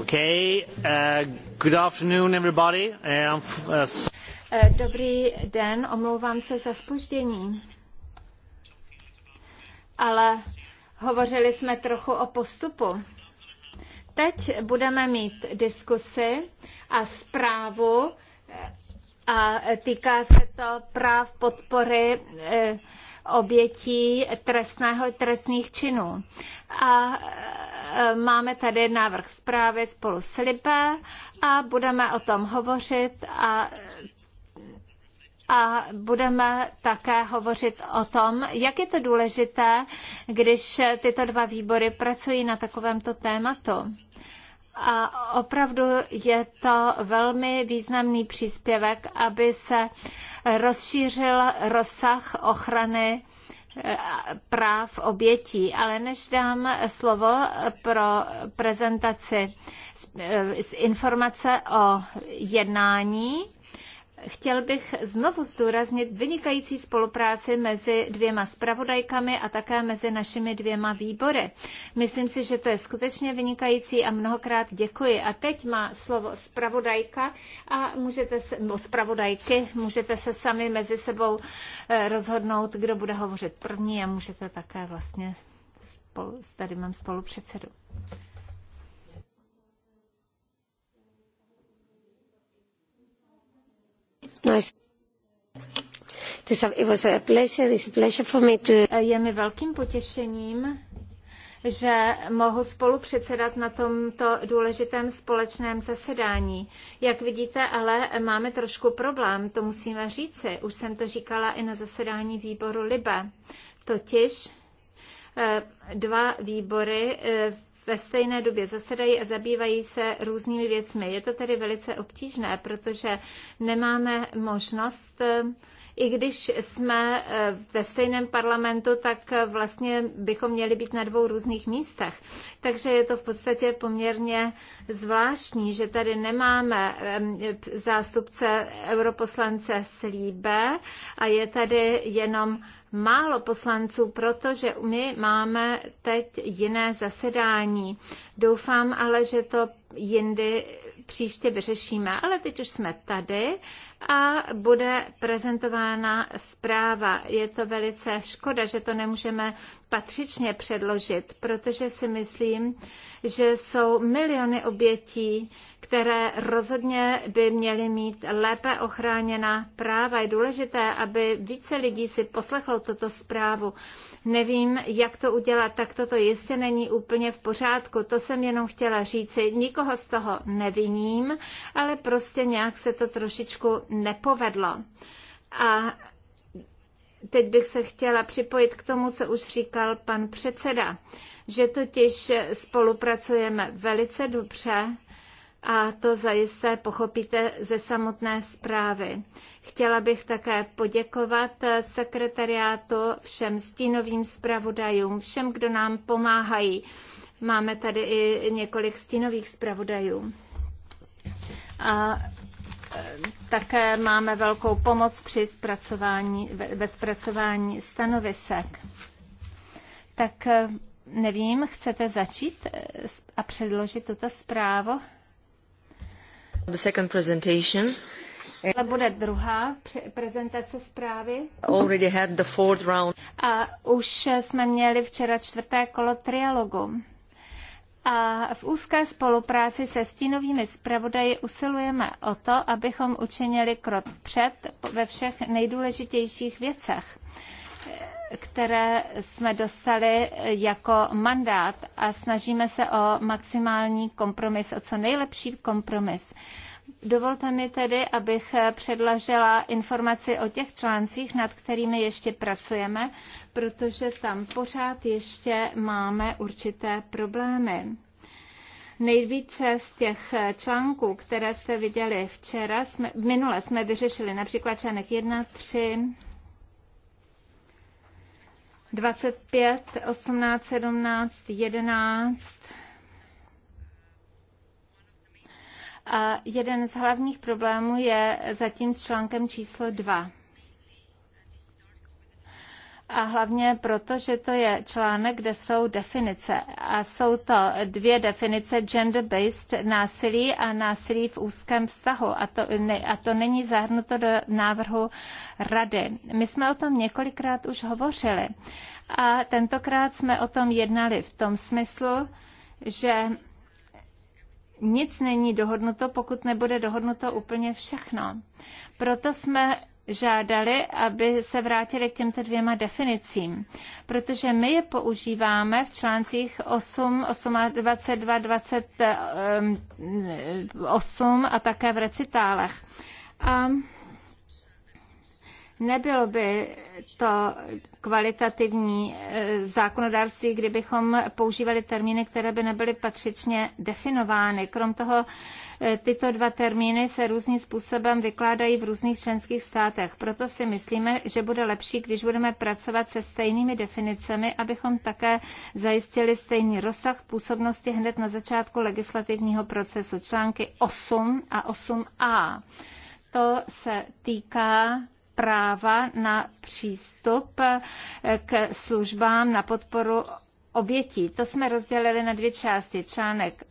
Okay, uh, good afternoon everybody. Um, uh, so... Eh, dobrý den, omlouvám se za spoždění. Ale hovořili jsme trochu o postupu. Teď budeme mít diskusy a zprávu eh, a týká se to práv podpory eh, obětí trestného, trestných činů. A e, máme tady návrh zprávy spolu s Libe a budeme o tom hovořit a a budeme také hovořit o tom, jak je to důležité, když tyto dva výbory pracují na takovémto tématu a opravdu je to velmi významný příspěvek, aby se rozšířil rozsah ochrany eh, práv obětí. Ale než dám slovo pro prezentaci z eh, informace o jednání, Chtěl bych znovu zdůraznit vynikající spolupráci mezi dvěma spravodajkami a také mezi našimi dvěma výbory. Myslím si, že to je skutečně vynikající a mnohokrát děkuji. A teď má slovo spravodajka a můžete se, no spravodajky, můžete se sami mezi sebou eh, rozhodnout, kdo bude hovořit první a můžete také vlastně spolu, tady mám spolupředsedu. předsedu. Nice. No, it was a pleasure. It's a pleasure for me to... Je mi velkým potěšením, že mohu spolu předsedat na tomto důležitém společném zasedání. Jak vidíte, ale máme trošku problém, to musíme říci. Už jsem to říkala i na zasedání výboru LIBE. Totiž eh, dva výbory eh, ve stejné době zasedají a zabývají se různými věcmi. Je to tedy velice obtížné, protože nemáme možnost eh, i když jsme eh, ve stejném parlamentu, tak eh, vlastně bychom měli být na dvou různých místech. Takže je to v podstatě poměrně zvláštní, že tady nemáme zástupce europoslance Slíbe a je tady jenom málo poslanců, protože my máme teď jiné zasedání. Doufám ale, že to jindy příště vyřešíme. Ale teď už jsme tady a bude prezentována zpráva. Je to velice škoda, že to nemůžeme patřičně předložit, protože si myslím, že jsou miliony obětí, které rozhodně by měly mít lépe ochráněna práva. Je důležité, aby více lidí si poslechlo tuto zprávu. Nevím, jak to udělat, tak toto jistě není úplně v pořádku. To jsem jenom chtěla říci. Nikoho z toho neviním, ale prostě nějak se to trošičku nepovedlo. A teď bych se chtěla připojit k tomu, co už říkal pan předseda, že totiž spolupracujeme velice dobře a to zajisté pochopíte ze samotné zprávy. Chtěla bych také poděkovat sekretariátu, všem stínovým zpravodajům, všem, kdo nám pomáhají. Máme tady i několik stínových zpravodajů. A také máme velkou pomoc při zpracování, ve zpracování stanovisek. Tak eh, nevím, chcete začít eh, a předložit tuto zprávu? The second presentation. Ale bude druhá prezentace zprávy. Already had the fourth round. A už jsme měli včera čtvrté kolo trialogu a v úzké spolupráci se stínovými zpravodaji usilujeme o to, abychom učinili krok před ve všech nejdůležitějších věcech které jsme dostali jako mandát a snažíme se o maximální kompromis, o co nejlepší kompromis. Dovolte mi tedy, abych předlažila informaci o těch článcích, nad kterými ještě pracujeme, protože tam pořád ještě máme určité problémy. Nejvíce z těch článků, které jste viděli včera, jsme, minule jsme vyřešili například článek 1, 3, 25, 18, 17, 11, A jeden z hlavních problémů je zatím s článkem číslo 2. A hlavně proto, že to je článek, kde jsou definice. A jsou to dvě definice gender-based násilí a násilí v úzkém vztahu. A to, ne, a to není zahrnuto do návrhu rady. My jsme o tom několikrát už hovořili. A tentokrát jsme o tom jednali v tom smyslu, že nic není dohodnuto, pokud nebude dohodnuto úplně všechno. Proto jsme žádali, aby se vrátili k těmto dvěma definicím, protože my je používáme v článcích 8, 8 22, 28 a také v recitálech. A Nebylo by to kvalitativní eh, zákonodárství, kdybychom používali termíny, které by nebyly patřičně definovány. Krom toho, eh, tyto dva termíny se různým způsobem vykládají v různých členských státech. Proto si myslíme, že bude lepší, když budeme pracovat se stejnými definicemi, abychom také zajistili stejný rozsah působnosti hned na začátku legislativního procesu. Články 8 a 8a. To se týká práva na přístup k službám na podporu obětí. To jsme rozdělili na dvě části. Článek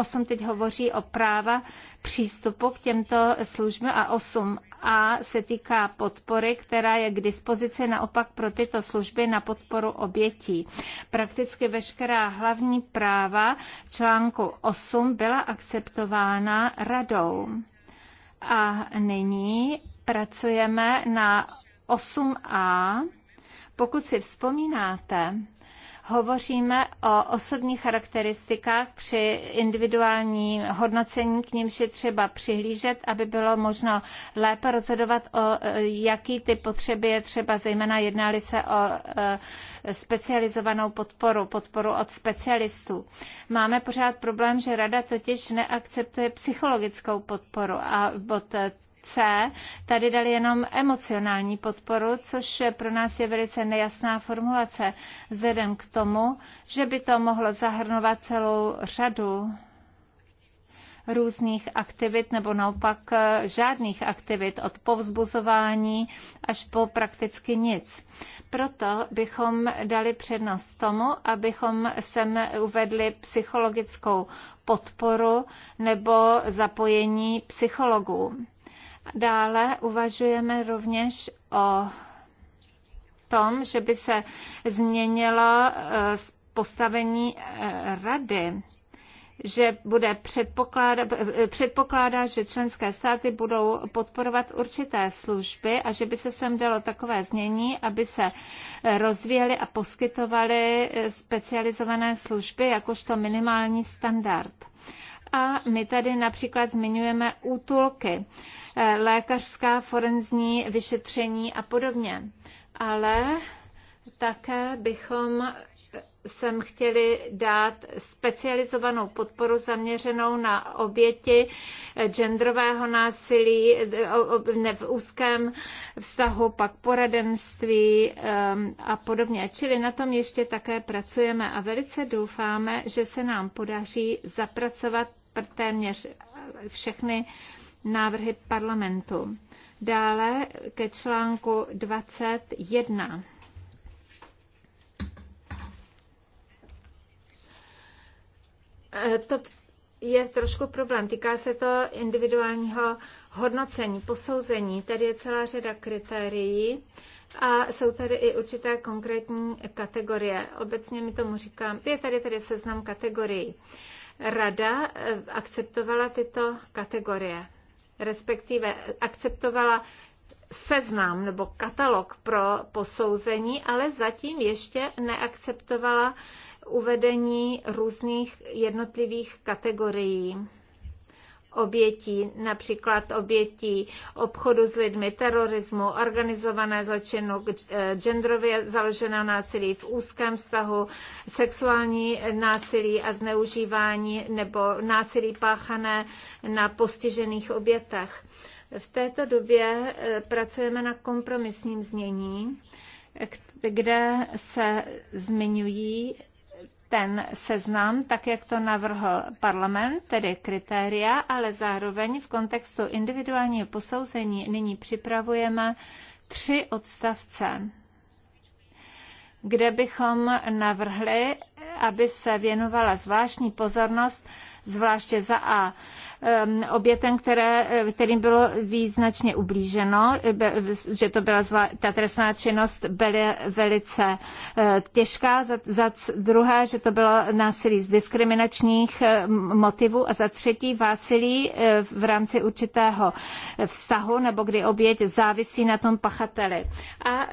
8 e, e, teď hovoří o práva přístupu k těmto službám a 8a se týká podpory, která je k dispozici naopak pro tyto služby na podporu obětí. Prakticky veškerá hlavní práva článku 8 byla akceptována radou. A nyní pracujeme na 8a. Pokud si vzpomínáte, hovoříme o osobních charakteristikách při individuální hodnocení, k nímž je třeba přihlížet, aby bylo možno lépe rozhodovat, o eh, jaký ty potřeby je třeba, zejména jednali se o eh, specializovanou podporu, podporu od specialistů. Máme pořád problém, že rada totiž neakceptuje psychologickou podporu a od C tady dali jenom emocionální podporu, což pro nás je velice nejasná formulace, vzhledem k tomu, že by to mohlo zahrnovat celou řadu různých aktivit nebo naopak eh, žádných aktivit, od povzbuzování až po prakticky nic. Proto bychom dali přednost tomu, abychom sem uvedli psychologickou podporu nebo zapojení psychologů. Dále uvažujeme rovněž o tom, že by se změnilo e, postavení e, rady že bude předpokládá, e, předpokládá, že členské státy budou podporovat určité služby a že by se sem dalo takové změní, aby se rozvíjely a poskytovaly specializované služby jakožto minimální standard. A my tady například zmiňujeme útulky, eh, lékařská forenzní vyšetření a podobně. Ale také bychom eh, sem chtěli dát specializovanou podporu zaměřenou na oběti eh, genderového násilí v úzkém vztahu, pak poradenství ehm, a podobně. Čili na tom ještě také pracujeme a velice doufáme, že se nám podaří zapracovat téměř všechny návrhy parlamentu. Dále ke článku 21. E, to je trošku problém. Týká se to individuálního hodnocení, posouzení. Tady je celá řada kritérií a jsou tady i určité konkrétní kategorie. Obecně mi tomu říkám, je tady tady seznam kategorií. Rada eh, akceptovala tyto kategorie, respektive akceptovala seznam nebo katalog pro posouzení, ale zatím ještě neakceptovala uvedení různých jednotlivých kategorií obětí, například obětí obchodu s lidmi, terorismu, organizované zločinu, eh, genderově založeného násilí v úzkém vztahu, sexuální násilí a zneužívání nebo násilí páchané na postižených obětech. V této době eh, pracujeme na kompromisním znění, kde se zmiňují ten seznam, tak jak to navrhl parlament, tedy kritéria, ale zároveň v kontextu individuálního posouzení nyní připravujeme tři odstavce, kde bychom navrhli, aby se věnovala zvláštní pozornost zvláště za A obětem, které, eh, kterým bylo význačně ublíženo, eh, že to byla zla, ta trestná činnost byla velice eh, těžká, za, za druhé, že to bylo násilí z diskriminačních motivů a za třetí vásilí v rámci určitého vztahu nebo kdy oběť závisí na tom pachateli. A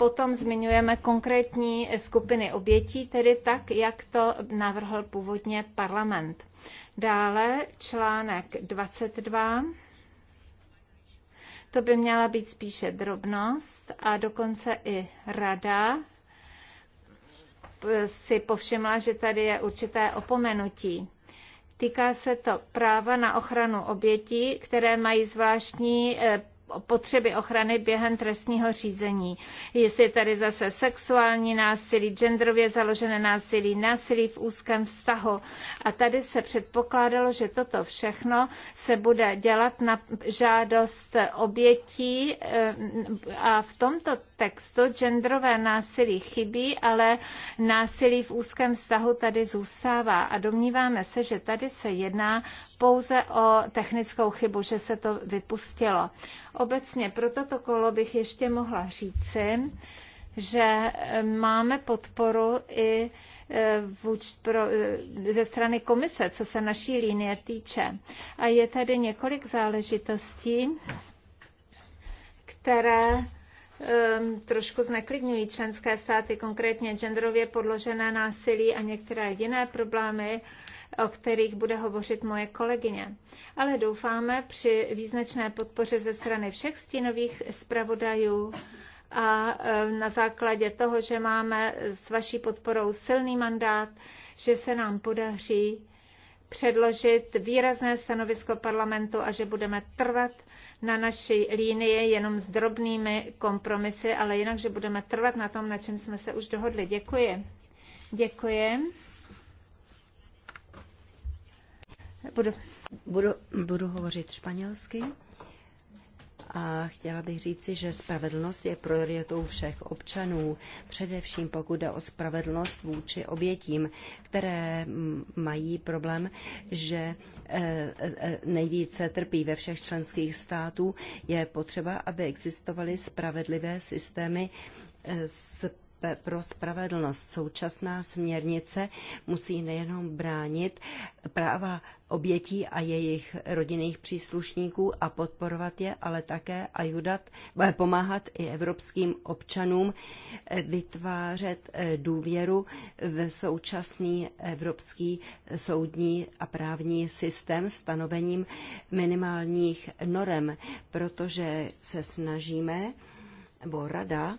potom zmiňujeme konkrétní skupiny obětí, tedy tak, jak to navrhl původně parlament. Dále článek 22. To by měla být spíše drobnost a dokonce i rada si povšimla, že tady je určité opomenutí. Týká se to práva na ochranu obětí, které mají zvláštní eh, potřeby ochrany během trestního řízení. Jestli je tady zase sexuální násilí, genderově založené násilí, násilí v úzkém vztahu. A tady se předpokládalo, že toto všechno se bude dělat na žádost obětí eh, a v tomto textu genderové násilí chybí, ale násilí v úzkém vztahu tady zůstává a domníváme se, že tady se jedná pouze o technickou chybu, že se to vypustilo. Obecně pro toto kolo bych ještě mohla říci, že eh, máme podporu i eh, vůč pro, eh, ze strany komise, co se naší linie týče. A je tady několik záležitostí, které ehm, trošku zneklidňují členské státy, konkrétně genderově podložené násilí a některé jiné problémy, o kterých bude hovořit moje kolegyně. Ale doufáme při význačné podpoře ze strany všech stínových zpravodajů, a e, na základě toho, že máme s vaší podporou silný mandát, že se nám podaří předložit výrazné stanovisko parlamentu a že budeme trvat na naší línii jenom s drobnými kompromisy, ale jinak, že budeme trvat na tom, na čem jsme se už dohodli. Děkuji. Děkuji. Budu, budu, budu hovořit španělsky a chtěla bych říci, že spravedlnost je prioritou všech občanů, především pokud jde o spravedlnost vůči obětím, které mají problém, že e, e, nejvíce trpí ve všech členských států. Je potřeba, aby existovaly spravedlivé systémy e, pro spravedlnost. Současná směrnice musí nejenom bránit práva obětí a jejich rodinných příslušníků a podporovat je, ale také ajudat, eh, pomáhat i evropským občanům eh, vytvářet eh, důvěru v současný evropský soudní a právní systém stanovením minimálních norem, protože se snažíme, nebo rada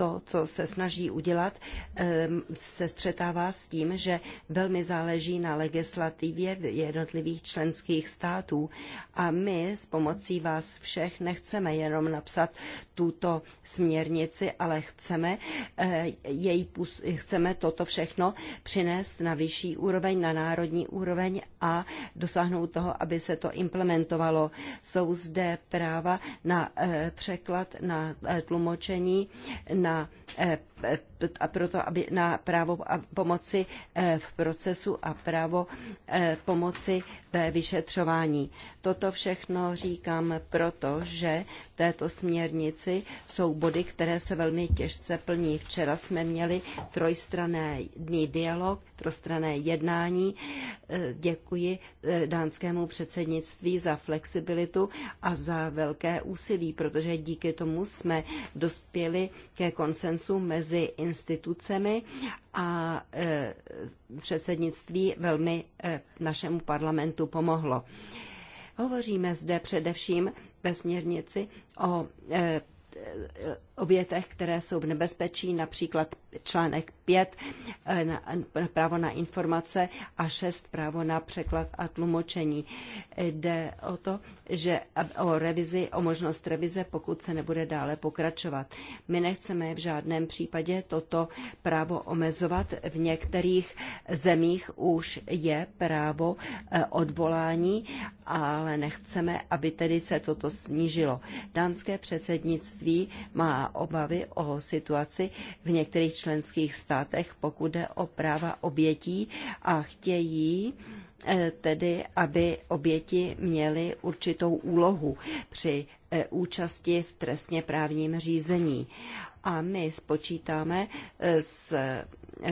to, co se snaží udělat, se střetává s tím, že velmi záleží na legislativě jednotlivých členských států a my s pomocí vás všech nechceme jenom napsat tuto směrnici, ale chceme, eh, její, chceme toto všechno přinést na vyšší úroveň, na národní úroveň a dosáhnout toho, aby se to implementovalo. Jsou zde práva na eh, překlad, na eh, tlumočení, na na eh, a proto, aby na právo pomoci eh, v procesu a právo eh, pomoci ve vyšetřování. Toto všechno říkám proto, že v této směrnici jsou body, které se velmi těžce plní. Včera jsme měli trojstranný dialog, trojstranné jednání. Eh, děkuji dánskému předsednictví za flexibilitu a za velké úsilí, protože díky tomu jsme dospěli ke konsensu mezi mezi institucemi a e, předsednictví velmi e, našemu parlamentu pomohlo. Hovoříme zde především ve směrnici o e, obětech, které jsou v nebezpečí, například článek 5, eh, právo na informace a 6, právo na překlad a tlumočení. Jde o to, že o revizi, o možnost revize, pokud se nebude dále pokračovat. My nechceme v žádném případě toto právo omezovat. V některých zemích už je právo eh, odvolání, ale nechceme, aby tedy se toto snížilo. Dánské předsednictví má obavy o situaci v některých členských státech, pokud jde o práva obětí a chtějí eh, tedy, aby oběti měly určitou úlohu při eh, účasti v trestně právním řízení. A my spočítáme eh, s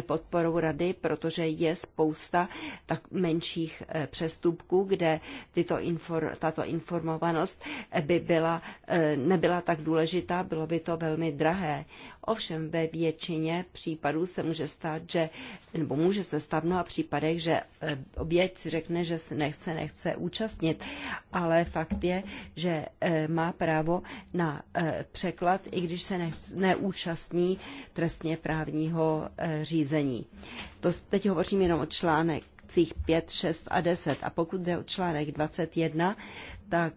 podporou rady, protože je spousta tak menších eh, přestupků, kde tyto infor, tato informovanost by byla, eh, nebyla tak důležitá, bylo by to velmi drahé. Ovšem ve většině případů se může stát, že, nebo může se stát v mnoha případech, že eh, oběť si řekne, že se nechce, nechce účastnit, ale fakt je, že eh, má právo na eh, překlad, i když se nechce, neúčastní trestně právního řízení. To teď hovořím jenom o článek 5, 6 a 10. A pokud jde o článek 21, tak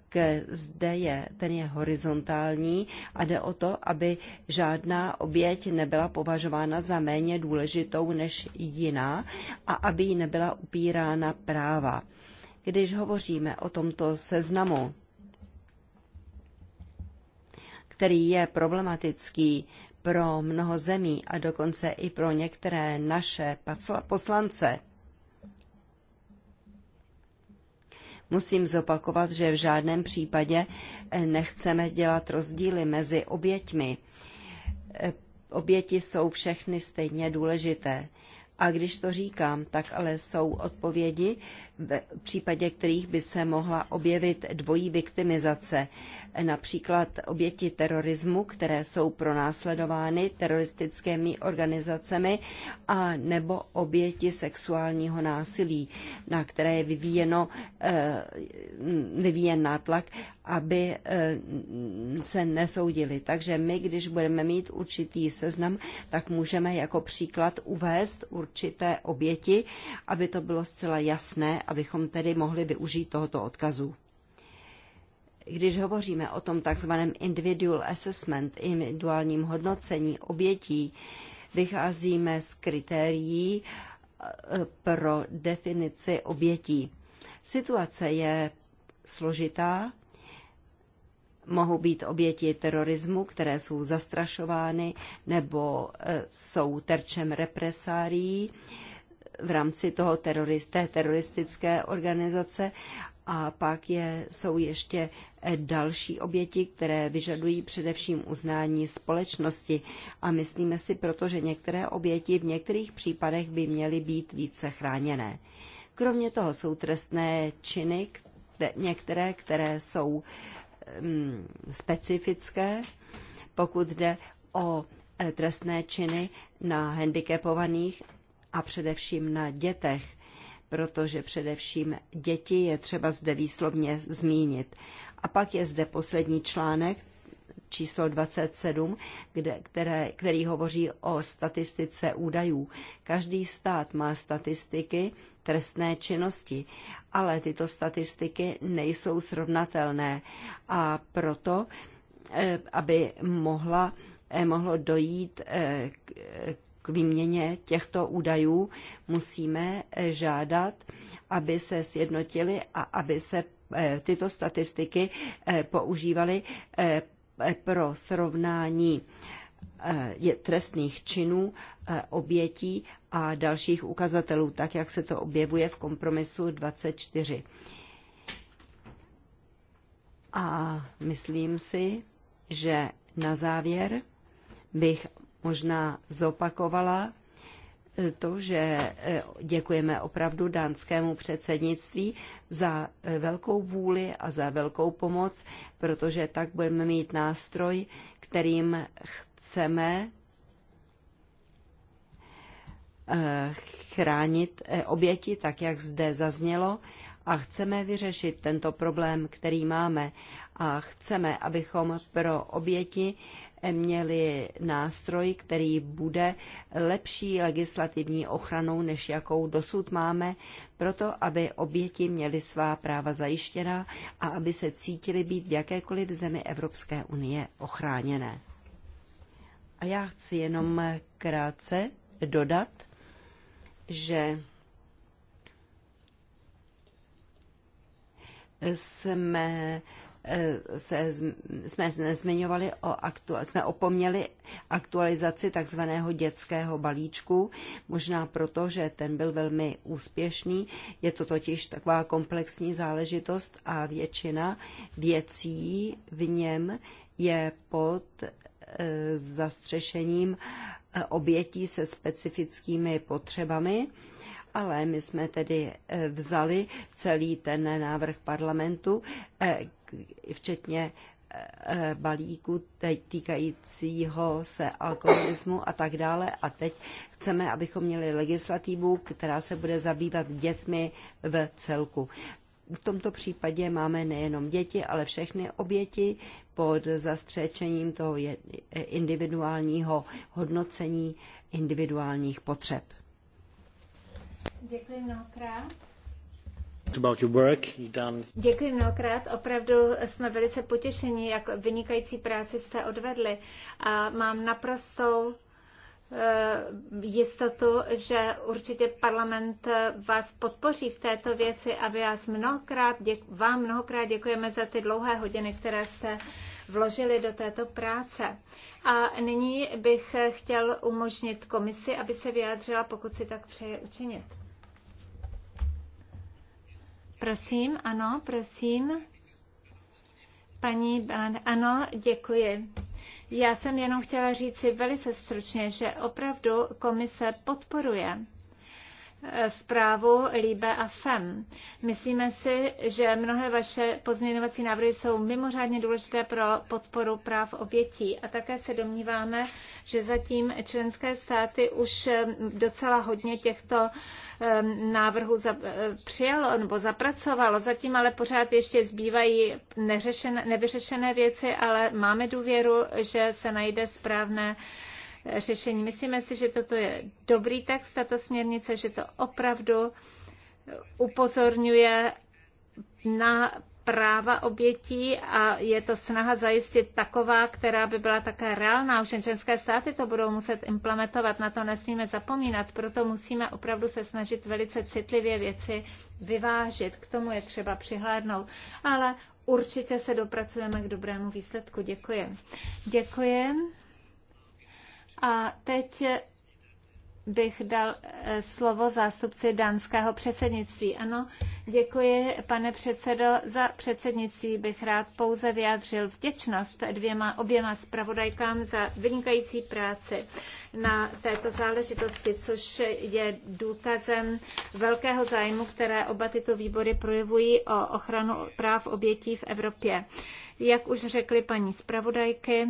zde je, ten je horizontální a jde o to, aby žádná oběť nebyla považována za méně důležitou než jiná a aby jí nebyla upírána práva. Když hovoříme o tomto seznamu, který je problematický pro mnoho zemí a dokonce i pro některé naše poslance, Musím zopakovat, že v žádném případě eh, nechceme dělat rozdíly mezi oběťmi. Eh, oběti jsou všechny stejně důležité. A když to říkám, tak ale jsou odpovědi, v případě kterých by se mohla objevit dvojí viktimizace například oběti terorismu, které jsou pronásledovány teroristickými organizacemi, a nebo oběti sexuálního násilí, na které je vyvíjeno, eh, vyvíjen nátlak, aby eh, se nesoudili. Takže my, když budeme mít určitý seznam, tak můžeme jako příklad uvést určité oběti, aby to bylo zcela jasné, abychom tedy mohli využít tohoto odkazu když hovoříme o tom takzvaném individual assessment, individuálním hodnocení obětí, vycházíme z kritérií eh, pro definici obětí. Situace je složitá, mohou být oběti terorismu, které jsou zastrašovány nebo eh, jsou terčem represárií v rámci toho teroristické organizace a pak je, jsou ještě eh, další oběti, které vyžadují především uznání společnosti. A myslíme si proto, že některé oběti v některých případech by měly být více chráněné. Kromě toho jsou trestné činy, některé, které jsou um, specifické, pokud jde o eh, trestné činy na handicapovaných a především na dětech protože především děti je třeba zde výslovně zmínit. A pak je zde poslední článek, číslo 27, kde, které, který hovoří o statistice údajů. Každý stát má statistiky trestné činnosti, ale tyto statistiky nejsou srovnatelné a proto, eh, aby mohla, eh, mohlo dojít eh, k k výměně těchto údajů musíme eh, žádat, aby se sjednotili a aby se eh, tyto statistiky eh, používaly pro srovnání trestných činů, obětí a dalších ukazatelů, tak jak se to objevuje v kompromisu 24. A myslím si, že na závěr bych možná zopakovala e, to, že e, děkujeme opravdu dánskému předsednictví za e, velkou vůli a za velkou pomoc, protože tak budeme mít nástroj, kterým chceme chránit oběti, tak jak zde zaznělo, a chceme vyřešit tento problém, který máme. A chceme, abychom pro oběti měli nástroj, který bude lepší legislativní ochranou, než jakou dosud máme, proto aby oběti měly svá práva zajištěna a aby se cítili být v jakékoliv zemi Evropské unie ochráněné. A já chci jenom krátce dodat, že jsme Eh, se, jsme nezmiňovali o aktu, jsme opomněli aktualizaci takzvaného dětského balíčku, možná proto, že ten byl velmi úspěšný. Je to totiž taková komplexní záležitost a většina věcí v něm je pod eh, zastřešením eh, obětí se specifickými potřebami ale my jsme tedy vzali celý ten návrh parlamentu, včetně e, e, balíku týkajícího se alkoholismu a tak dále. A teď chceme, abychom měli legislativu, která se bude zabývat dětmi v celku. V tomto případě máme nejenom děti, ale všechny oběti pod zastřečením toho individuálního hodnocení individuálních potřeb. Děkuji mnohokrát. Děkuji mnohokrát, opravdu jsme velice potěšeni, jak vynikající práci jste odvedli a mám naprostou eh, jistotu, že určitě parlament eh, vás podpoří v této věci a vás mnohokrát děku, vám mnohokrát děkujeme za ty dlouhé hodiny, které jste vložili do této práce. A nyní bych eh, chtěl umožnit komisi, aby se vyjádřila, pokud si tak přeje učinit. Prosím, ano, prosím. Paní, ano, děkuji. Já jsem jenom chtěla říct si velice stručně, že opravdu komise podporuje zprávu Líbe a FEM. Myslíme si, že mnohé vaše pozměňovací návrhy jsou mimořádně důležité pro podporu práv obětí a také se domníváme, že zatím členské státy už eh, docela hodně těchto eh, návrhů eh, přijalo nebo zapracovalo. Zatím ale pořád ještě zbývají neřešené, nevyřešené věci, ale máme důvěru, že se najde správné řešení. Myslíme si, že toto je dobrý text, tato směrnice, že to opravdu upozorňuje na práva obětí a je to snaha zajistit taková, která by byla také reálná. Už ženské státy to budou muset implementovat, na to nesmíme zapomínat, proto musíme opravdu se snažit velice citlivě věci vyvážit. K tomu je třeba přihlédnout. Ale určitě se dopracujeme k dobrému výsledku. Děkuji. Děkuji. A teď bych dal eh, slovo zástupci dánského předsednictví. Ano, děkuji, pane předsedo, za předsednictví bych rád pouze vyjádřil vděčnost dvěma oběma zpravodajkám za vynikající práci na této záležitosti, což je důkazem velkého zájmu, které oba tyto výbory projevují o ochranu práv obětí v Evropě. Jak už řekly paní zpravodajky,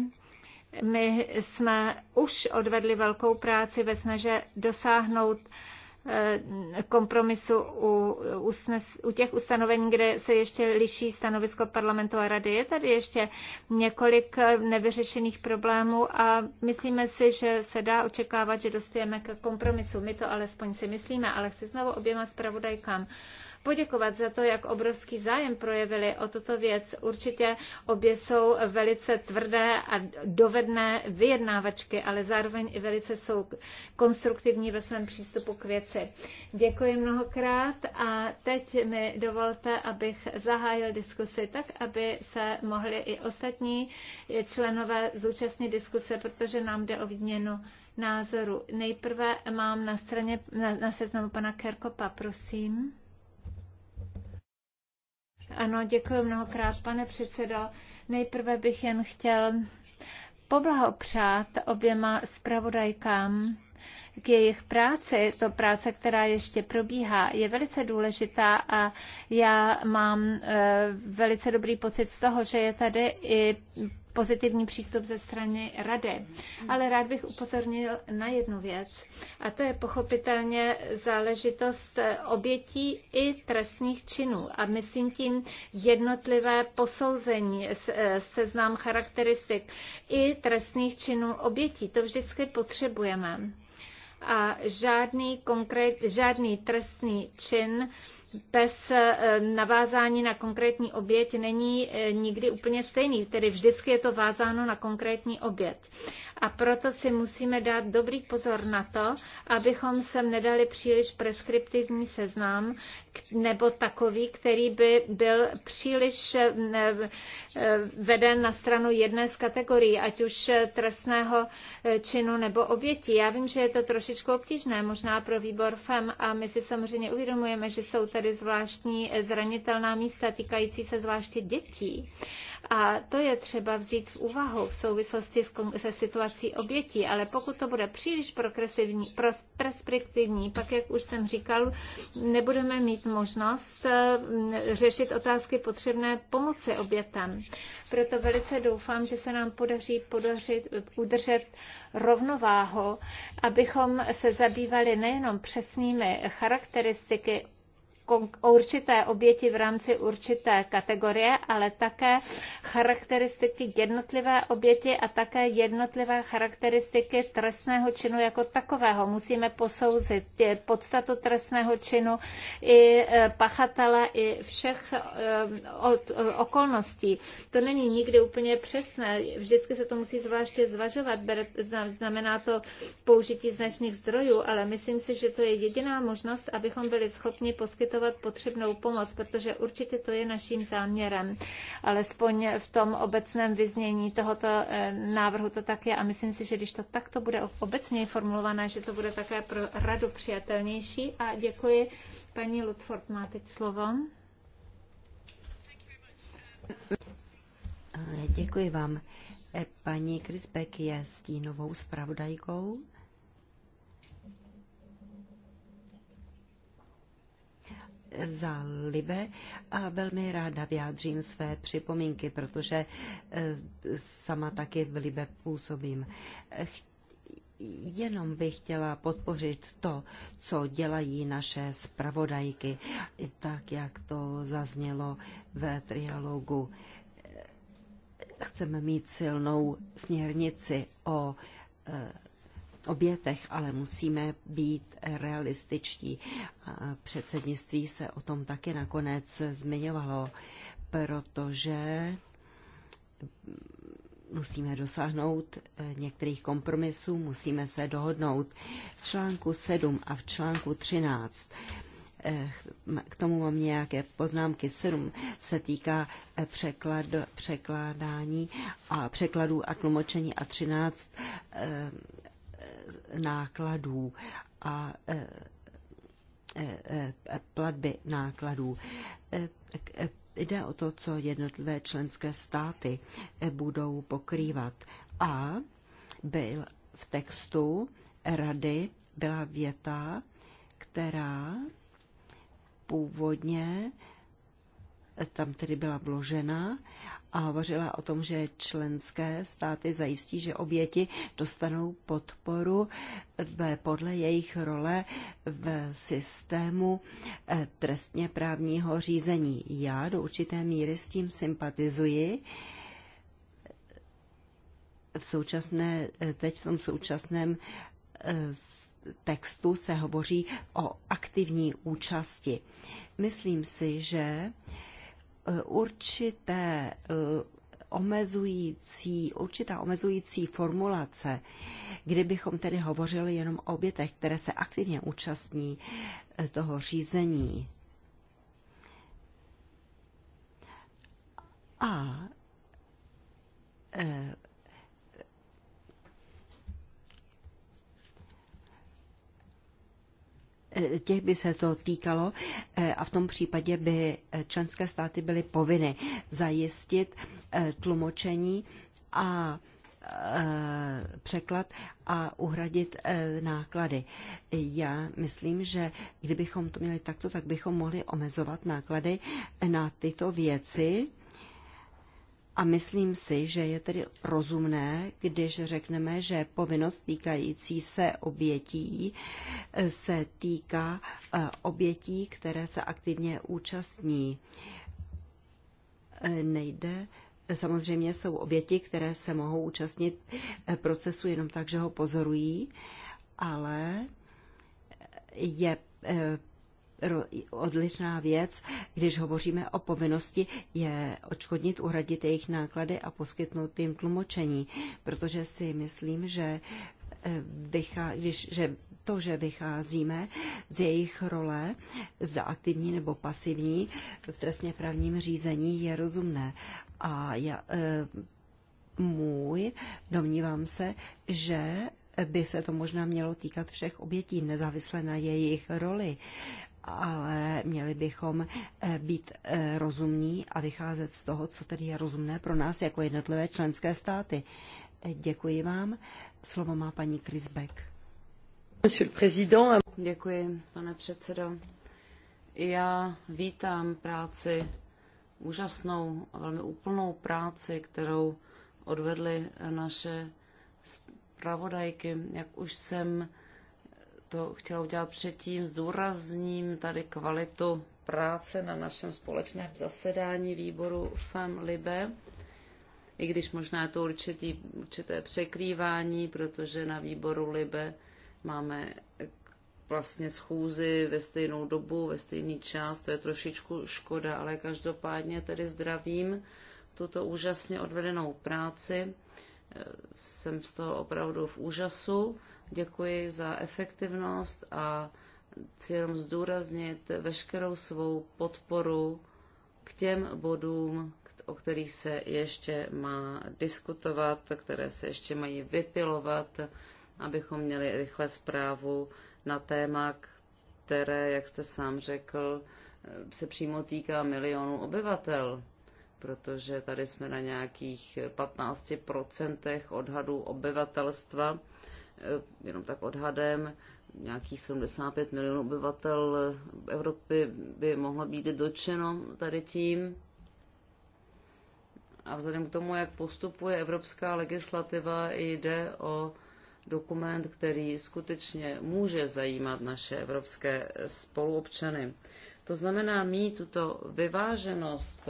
my jsme už odvedli velkou práci ve snaže dosáhnout eh, kompromisu u, u těch ustanovení, kde se ještě liší stanovisko parlamentu a rady. Je tady ještě několik eh, nevyřešených problémů a myslíme si, že se dá očekávat, že dospějeme k kompromisu. My to alespoň si myslíme, ale chci znovu oběma zpravodajkám poděkovat za to, jak obrovský zájem projevili o tuto věc. Určitě obě jsou velice tvrdé a dovedné vyjednávačky, ale zároveň i velice jsou konstruktivní ve svém přístupu k věci. Děkuji mnohokrát a teď mi dovolte, abych zahájil diskusi tak, aby se mohli i ostatní členové zúčastnit diskuse, protože nám jde o výměnu názoru. Nejprve mám na straně, na, na seznamu pana Kerkopa, prosím. Ano, děkuji mnohokrát, pane předsedo. Nejprve bych jen chtěl poblahopřát oběma zpravodajkám k jejich práci, to práce, která ještě probíhá, je velice důležitá a já mám eh, velice dobrý pocit z toho, že je tady i pozitivní přístup ze strany rady. Ale rád bych upozornil na jednu věc. A to je pochopitelně záležitost obětí i trestních činů. A myslím tím jednotlivé posouzení, e, seznám charakteristik i trestných činů obětí. To vždycky potřebujeme a žádný, konkrét, žádný trestný čin bez eh, navázání na konkrétní oběť není eh, nikdy úplně stejný, tedy vždycky je to vázáno na konkrétní oběť. A proto si musíme dát dobrý pozor na to, abychom sem nedali příliš preskriptivní seznam, nebo takový, který by byl příliš eh, eh, veden na stranu jedné z kategorií, ať už eh, trestného činu nebo oběti. Já vím, že je to trošičku obtížné, možná pro výbor FEM a my si samozřejmě uvědomujeme, že jsou tady zvláštní zranitelná místa týkající se zvláště dětí. A to je třeba vzít v úvahu v souvislosti se situací obětí, ale pokud to bude příliš perspektivní, pak, jak už jsem říkal, nebudeme mít možnost eh, řešit otázky potřebné pomoci obětem. Proto velice doufám, že se nám podaří podařit, udržet rovnováhu, abychom se zabývali nejenom přesnými charakteristiky určité oběti v rámci určité kategorie, ale také charakteristiky jednotlivé oběti a také jednotlivé charakteristiky trestného činu jako takového. Musíme posouzit podstatu trestného činu i e, pachatele, i všech e, e, okolností. To není nikdy úplně přesné. Vždycky se to musí zvláště zvažovat. Znamená to použití značných zdrojů, ale myslím si, že to je jediná možnost, abychom byli schopni poskytovat poskytovat potřebnou pomoc, protože určitě to je naším záměrem. Alespoň v tom obecném vyznění tohoto eh, návrhu to tak je a myslím si, že když to takto bude obecně formulované, že to bude také pro radu přijatelnější. A děkuji. Paní Ludford má teď slovo. Eh, děkuji vám. Eh, paní Krisbek je stínovou zpravodajkou. za Libe a velmi ráda vyjádřím své připomínky, protože eh, sama taky v Libe působím. Jenom bych chtěla podpořit to, co dělají naše zpravodajky, tak jak to zaznělo ve trialogu. Eh, chceme mít silnou směrnici o eh, obětech, ale musíme být realističtí. Předsednictví se o tom taky nakonec zmiňovalo, protože musíme dosáhnout eh, některých kompromisů, musíme se dohodnout v článku 7 a v článku 13 eh, k tomu mám nějaké poznámky. 7 se týká eh, překlad, překládání a překladů a tlumočení a 13 nákladů a e, e, e, platby nákladů. Jde o to, co jednotlivé členské státy budou pokrývat. A byl v textu rady byla věta, která původně tam tedy byla vložena a hovořila o tom, že členské státy zajistí, že oběti dostanou podporu ve podle jejich role v systému eh, trestně právního řízení. Já do určité míry s tím sympatizuji v současné, eh, teď v tom současném eh, textu se hovoří o aktivní účasti. Myslím si, že Eh, určité eh, omezující, určitá omezující formulace, kdybychom tedy hovořili jenom o obětech, které se aktivně účastní eh, toho řízení. A Eh, těch by se to týkalo eh, a v tom případě by eh, členské státy byly povinny zajistit tlumočení a překlad a uhradit náklady. Já myslím, že kdybychom to měli takto, tak bychom mohli omezovat náklady na tyto věci a myslím si, že je tedy rozumné, když řekneme, že povinnost týkající se obětí eh, se týká eh, obětí, které se aktivně účastní. Eh, nejde Samozřejmě jsou oběti, které se mohou účastnit procesu jenom tak, že ho pozorují, ale je odlišná věc, když hovoříme o povinnosti, je odškodnit, uhradit jejich náklady a poskytnout jim tlumočení, protože si myslím, že eh, vychá, když, že to, že vycházíme z jejich role, zda aktivní nebo pasivní, v trestně právním řízení je rozumné. A já, e, můj, domnívám se, že by se to možná mělo týkat všech obětí, nezávisle na jejich roli ale měli bychom eh, být eh, rozumní a vycházet z toho, co tedy je rozumné pro nás jako jednotlivé členské státy. Eh, děkuji vám. Slovo má paní Krisbeck. Děkuji, pane předsedo. Já vítám práci, úžasnou, a velmi úplnou práci, kterou odvedly naše zpravodajky. Jak už jsem to chtěla udělat předtím, zdůrazním tady kvalitu práce na našem společném zasedání výboru FAM Libe, i když možná je to určitý, určité překrývání, protože na výboru Libe máme vlastně schůzy ve stejnou dobu, ve stejný čas, to je trošičku škoda, ale každopádně tedy zdravím tuto úžasně odvedenou práci. Jsem z toho opravdu v úžasu Děkuji za efektivnost a chci jenom zdůraznit veškerou svou podporu k těm bodům, o kterých se ještě má diskutovat, které se ještě mají vypilovat, abychom měli rychle zprávu na téma, které, jak jste sám řekl, se přímo týká milionů obyvatel, protože tady jsme na nějakých 15% odhadů obyvatelstva Eh, jenom tak odhadem, nějakých 75 milionů obyvatel Evropy by mohlo být dotčeno tady tím. A vzhledem k tomu, jak postupuje evropská legislativa, jde o dokument, který skutečně může zajímat naše evropské spoluobčany. To znamená mít tuto vyváženost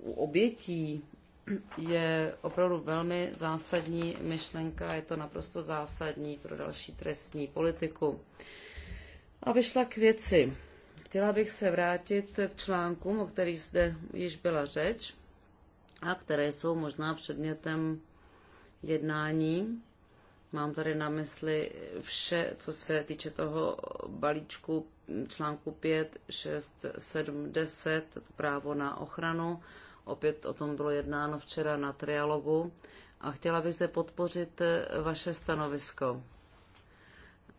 u obětí je opravdu velmi zásadní myšlenka, je to naprosto zásadní pro další trestní politiku. Aby šla k věci, chtěla bych se vrátit k článkům, o kterých zde již byla řeč a které jsou možná předmětem jednání. Mám tady na mysli vše, co se týče toho balíčku článku 5, 6, 7, 10, právo na ochranu Opět o tom bylo jednáno včera na trialogu a chtěla bych zde podpořit eh, vaše stanovisko.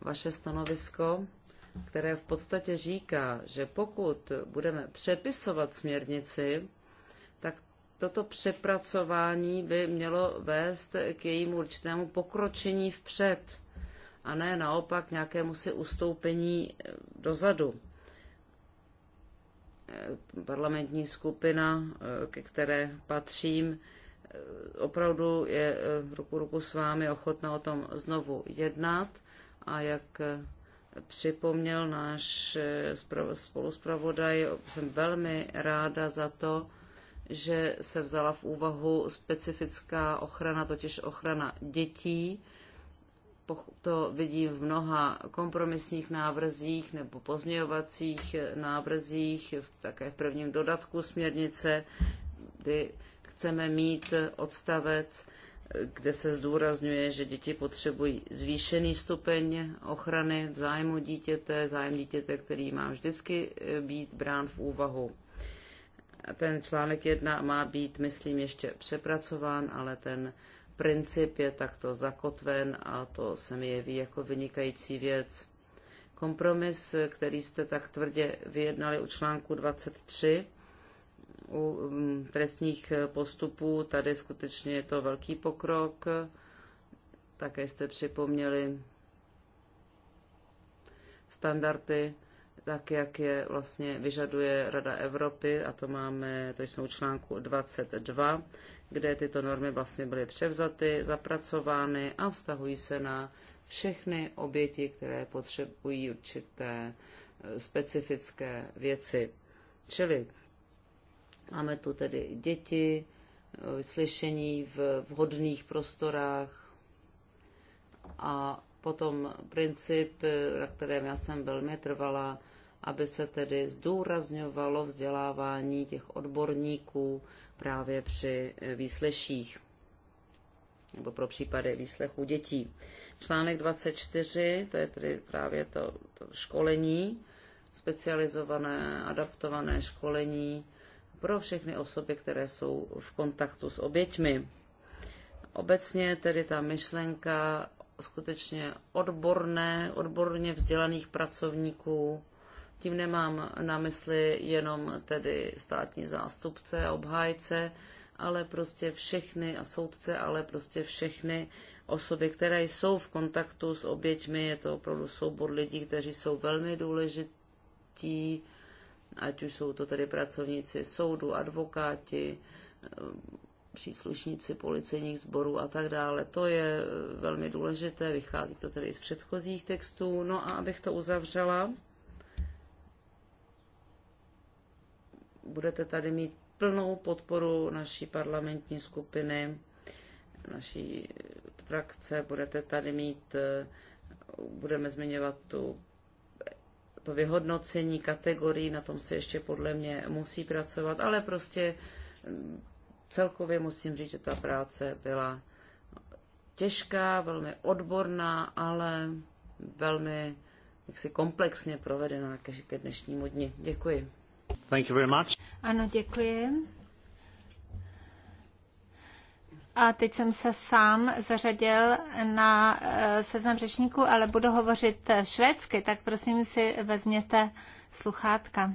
Vaše stanovisko, které v podstatě říká, že pokud budeme přepisovat směrnici, tak toto přepracování by mělo vést k jejímu určitému pokročení vpřed a ne naopak nějakému si ustoupení eh, dozadu. Eh, parlamentní skupina, eh, ke které patřím, eh, opravdu je ruku ruku s vámi ochotná o tom znovu jednat a jak připomněl náš spoluspravodaj, jsem velmi ráda za to, že se vzala v úvahu specifická ochrana, totiž ochrana dětí, to vidím v mnoha kompromisních návrzích nebo pozměňovacích eh, návrzích, také v prvním dodatku směrnice, kdy chceme mít odstavec, eh, kde se zdůrazňuje, že děti potřebují zvýšený stupeň ochrany zájmu dítěte, zájem dítěte, který má vždycky eh, být brán v úvahu. Ten článek 1 má být, myslím, ještě přepracován, ale ten princip je takto zakotven a to se mi jeví jako vynikající věc. Kompromis, který jste tak tvrdě vyjednali u článku 23, u mm, trestních postupů, tady skutečně je to velký pokrok. Také jste připomněli standardy, tak jak je vlastně vyžaduje Rada Evropy, a to máme, to jsme u článku 22 kde tyto normy vlastně byly převzaty, zapracovány a vztahují se na všechny oběti, které potřebují určité eh, specifické věci. Čili máme tu tedy děti, eh, slyšení v vhodných prostorách a potom princip, eh, na kterém já jsem velmi trvala, aby se tedy zdůrazňovalo vzdělávání těch odborníků právě při výsleších nebo pro případy výslechu dětí. Článek 24, to je tedy právě to, to školení, specializované, adaptované školení pro všechny osoby, které jsou v kontaktu s oběťmi. Obecně tedy ta myšlenka skutečně odborné, odborně vzdělaných pracovníků, tím nemám na mysli jenom tedy státní zástupce a obhájce, ale prostě všechny a soudce, ale prostě všechny osoby, které jsou v kontaktu s oběťmi. Je to opravdu soubor lidí, kteří jsou velmi důležití, ať už jsou to tedy pracovníci soudu, advokáti, příslušníci policejních sborů a tak dále. To je velmi důležité, vychází to tedy z předchozích textů. No a abych to uzavřela, budete tady mít plnou podporu naší parlamentní skupiny, naší frakce, budete tady mít, eh, budeme zmiňovat tu, to vyhodnocení kategorií, na tom se ještě podle mě musí pracovat, ale prostě mm, celkově musím říct, že ta práce byla těžká, velmi odborná, ale velmi jaksi komplexně provedená ke dnešnímu dni. Děkuji. Thank you very much. Ano, děkuji. A teď jsem se sám zařadil na eh, seznam řečníků, ale budu hovořit eh, švédsky, tak prosím si vezměte sluchátka.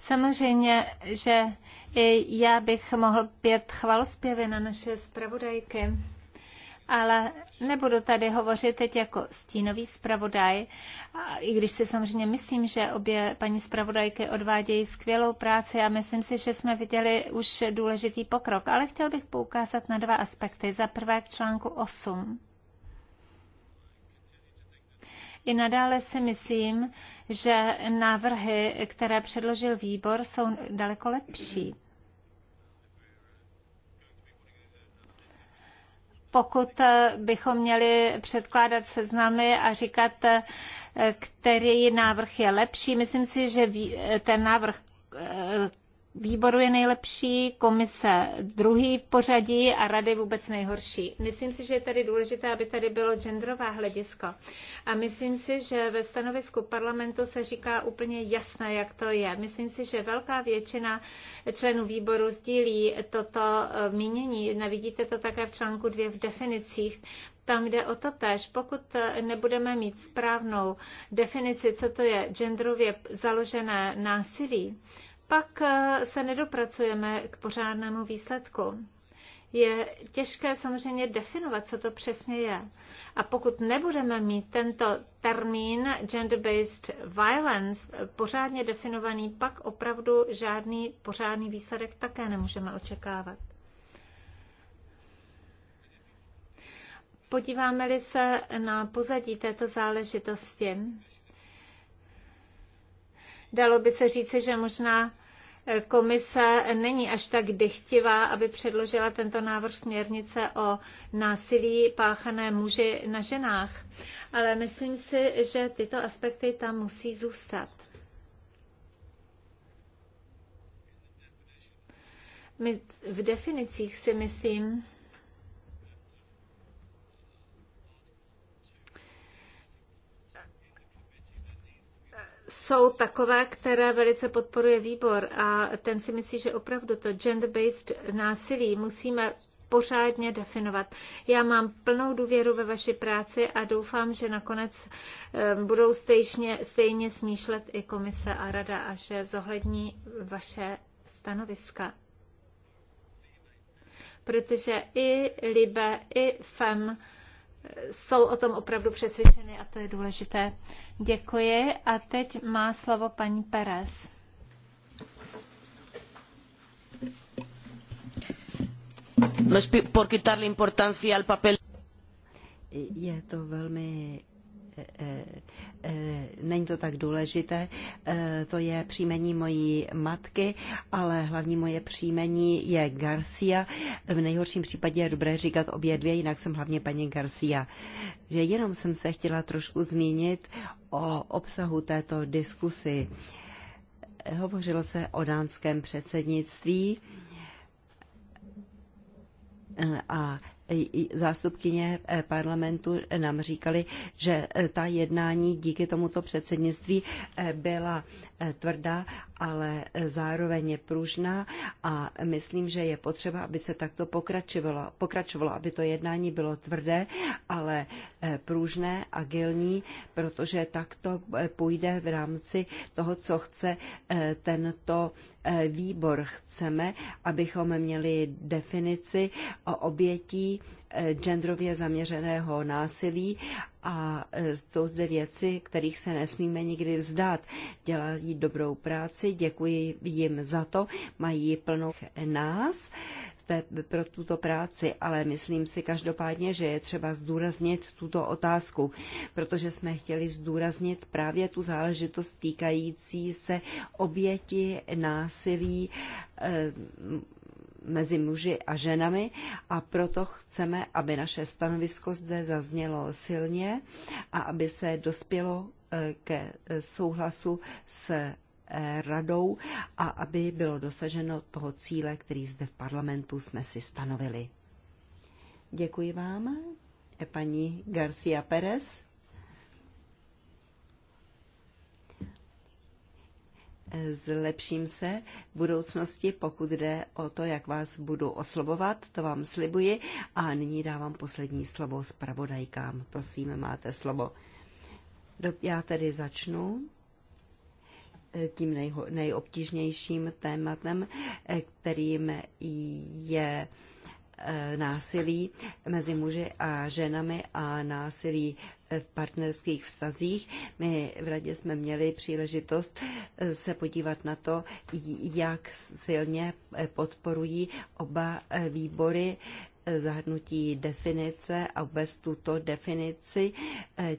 Samozřejmě, že já bych mohl pět chvalospěvy na naše zpravodajky ale nebudu tady hovořit teď jako stínový zpravodaj, i když si samozřejmě myslím, že obě paní zpravodajky odvádějí skvělou práci a myslím si, že jsme viděli už důležitý pokrok, ale chtěl bych poukázat na dva aspekty. Za prvé k článku 8. I nadále si myslím, že návrhy, které předložil výbor, jsou daleko lepší. pokud eh, bychom měli předkládat seznamy a říkat, eh, který návrh je lepší. Myslím si, že eh, ten návrh výboru je nejlepší, komise druhý v pořadí a rady vůbec nejhorší. Myslím si, že je tady důležité, aby tady bylo genderová hledisko. A myslím si, že ve stanovisku parlamentu se říká úplně jasné, jak to je. Myslím si, že velká většina členů výboru sdílí toto eh, mínění. Navidíte to také v článku dvě v definicích tam jde o to tež. Pokud eh, nebudeme mít správnou definici, co to je genderově založené násilí, pak eh, se nedopracujeme k pořádnému výsledku. Je těžké samozřejmě definovat, co to přesně je. A pokud nebudeme mít tento termín gender-based violence pořádně definovaný, pak opravdu žádný pořádný výsledek také nemůžeme očekávat. Podíváme-li se na pozadí této záležitosti, dalo by se říci, že možná komise není až tak dychtivá, aby předložila tento návrh směrnice o násilí páchané muži na ženách. Ale myslím si, že tyto aspekty tam musí zůstat. My v definicích si myslím, jsou takové, které velice podporuje výbor a ten si myslí, že opravdu to gender-based násilí musíme pořádně definovat. Já mám plnou důvěru ve vaši práci a doufám, že nakonec eh, budou stejně, stejně smýšlet i komise a rada a že zohlední vaše stanoviska. Protože i Libe, i FEM jsou o tom opravdu přesvědčeny a to je důležité. Děkuji a teď má slovo paní Perez. No papel. Je to velmi není to tak důležité, eh, to je příjmení mojí matky, ale hlavní moje příjmení je Garcia. V nejhorším případě je dobré říkat obě dvě, jinak jsem hlavně paní Garcia. Že jenom jsem se chtěla trošku zmínit o obsahu této diskusy. Hovořilo se o dánském předsednictví eh, a zástupkyně eh, parlamentu nám říkali, že eh, ta jednání díky tomuto předsednictví eh, byla tvrdá ale zároveň je pružná a myslím, že je potřeba, aby se takto pokračovalo, pokračovalo aby to jednání bylo tvrdé, ale eh, pružné, agilní, protože takto eh, půjde v rámci toho, co chce eh, tento výbor. Chceme, abychom měli definici o obětí genderově zaměřeného násilí a jsou zde věci, kterých se nesmíme nikdy vzdát. Dělají dobrou práci, děkuji jim za to, mají plnou nás pro tuto práci, ale myslím si každopádně, že je třeba zdůraznit tuto otázku, protože jsme chtěli zdůraznit právě tu záležitost týkající se oběti násilí eh, mezi muži a ženami a proto chceme, aby naše stanovisko zde zaznělo silně a aby se dospělo eh, ke eh, souhlasu s eh, radou a aby bylo dosaženo toho cíle, který zde v parlamentu jsme si stanovili. Děkuji vám, paní Garcia Perez. zlepším se v budoucnosti, pokud jde o to, jak vás budu oslovovat, to vám slibuji. A nyní dávám poslední slovo zpravodajkám. Prosím, máte slovo. Já tedy začnu eh, tím nejho, nejobtížnějším tématem, eh, kterým je eh, násilí mezi muži a ženami a násilí v partnerských vztazích. My v radě jsme měli příležitost se podívat na to, jak silně podporují oba výbory zahrnutí definice a bez tuto definici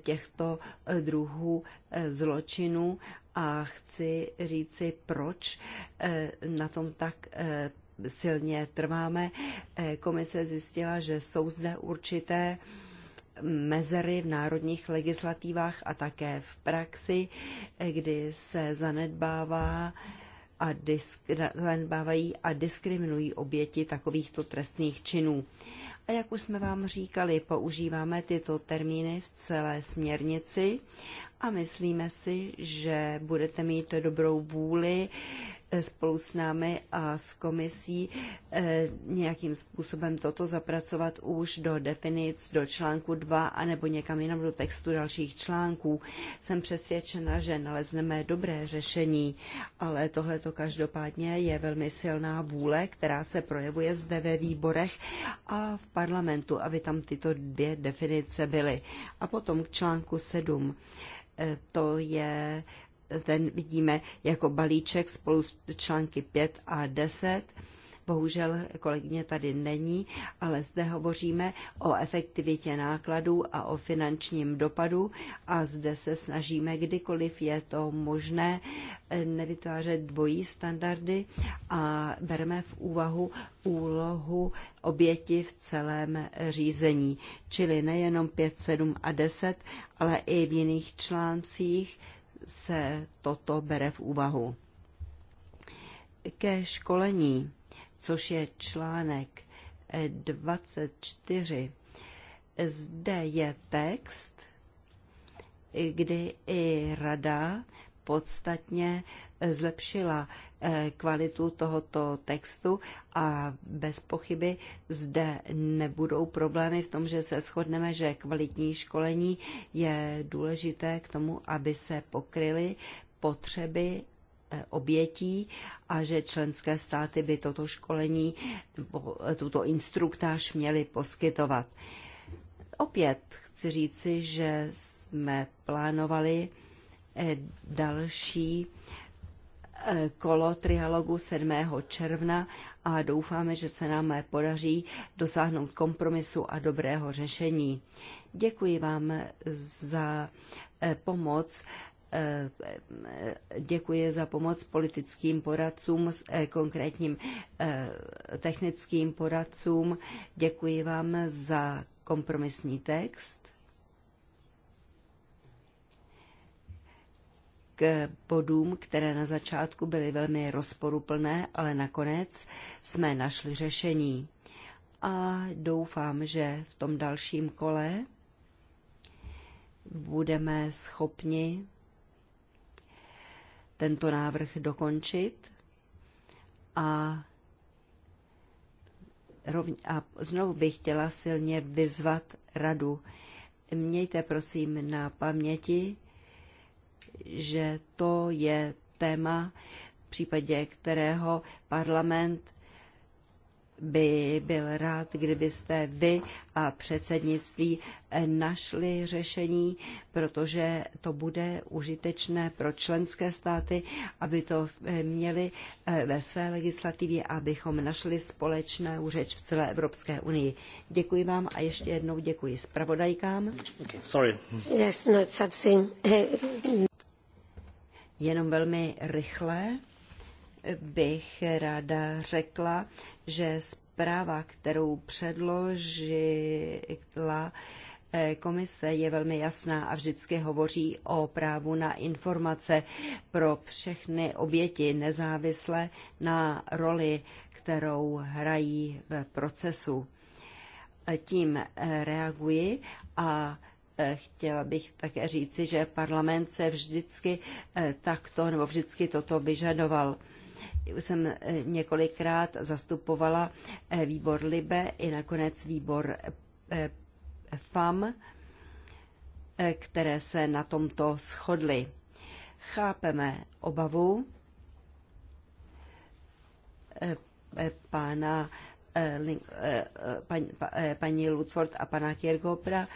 těchto druhů zločinů a chci říci, proč na tom tak silně trváme. Komise zjistila, že jsou zde určité mezery v národních legislativách a také v praxi, kdy se zanedbává a disk, zanedbávají a diskriminují oběti takovýchto trestných činů. A jak už jsme vám říkali, používáme tyto termíny v celé směrnici a myslíme si, že budete mít dobrou vůli eh, spolu s námi a s komisí eh, nějakým způsobem toto zapracovat už do definic, do článku 2 anebo někam jinam do textu dalších článků. Jsem přesvědčena, že nalezneme dobré řešení, ale tohle to každopádně je velmi silná vůle, která se projevuje zde ve výborech a v parlamentu, aby tam tyto dvě definice byly. A potom k článku 7. Eh, to je, ten vidíme jako balíček spolu s články 5 a 10 Bohužel kolegyně tady není, ale zde hovoříme o efektivitě nákladů a o finančním dopadu a zde se snažíme, kdykoliv je to možné, nevytvářet dvojí standardy a bereme v úvahu úlohu oběti v celém řízení, čili nejenom 5, 7 a 10, ale i v jiných článcích se toto bere v úvahu. Ke školení což je článek 24. Eh, zde je text, eh, kdy i rada podstatně eh, zlepšila kvalitu tohoto textu a bez pochyby zde nebudou problémy v tom, že se shodneme, že kvalitní školení je důležité k tomu, aby se pokryly potřeby E, obětí a že členské státy by toto školení e, tuto instruktáž měly poskytovat. Opět chci říci, že jsme plánovali e, další kolo trialogu 7. června a doufáme, že se nám podaří dosáhnout kompromisu a dobrého řešení. Děkuji vám za pomoc Děkuji za pomoc politickým poradcům, eh, konkrétním eh, technickým poradcům. Děkuji vám za kompromisní text. K bodům, které na začátku byly velmi rozporuplné, ale nakonec jsme našli řešení. A doufám, že v tom dalším kole budeme schopni tento návrh dokončit a, a znovu bych chtěla silně vyzvat radu. Mějte prosím na paměti, že to je téma, v případě kterého parlament by byl rád, kdybyste vy a předsednictví našli řešení, protože to bude užitečné pro členské státy, aby to měli eh, ve své legislativě, abychom našli společnou úřeč v celé Evropské unii. Děkuji vám a ještě jednou děkuji zpravodajkám. Sorry. Yes, not something. Jenom velmi rychle bych ráda řekla, že zpráva, kterou předložila eh, komise, je velmi jasná a vždycky hovoří o právu na informace pro všechny oběti nezávisle na roli, kterou hrají v procesu. Tím eh, reaguji a eh, Chtěla bych také říci, že parlament se vždycky takto nebo vždycky toto vyžadoval jsem eh, několikrát zastupovala eh, výbor Libe i nakonec výbor eh, FAM, které se na tomto shodly. Chápeme obavu pána paní Ludford a pana Kiergopra.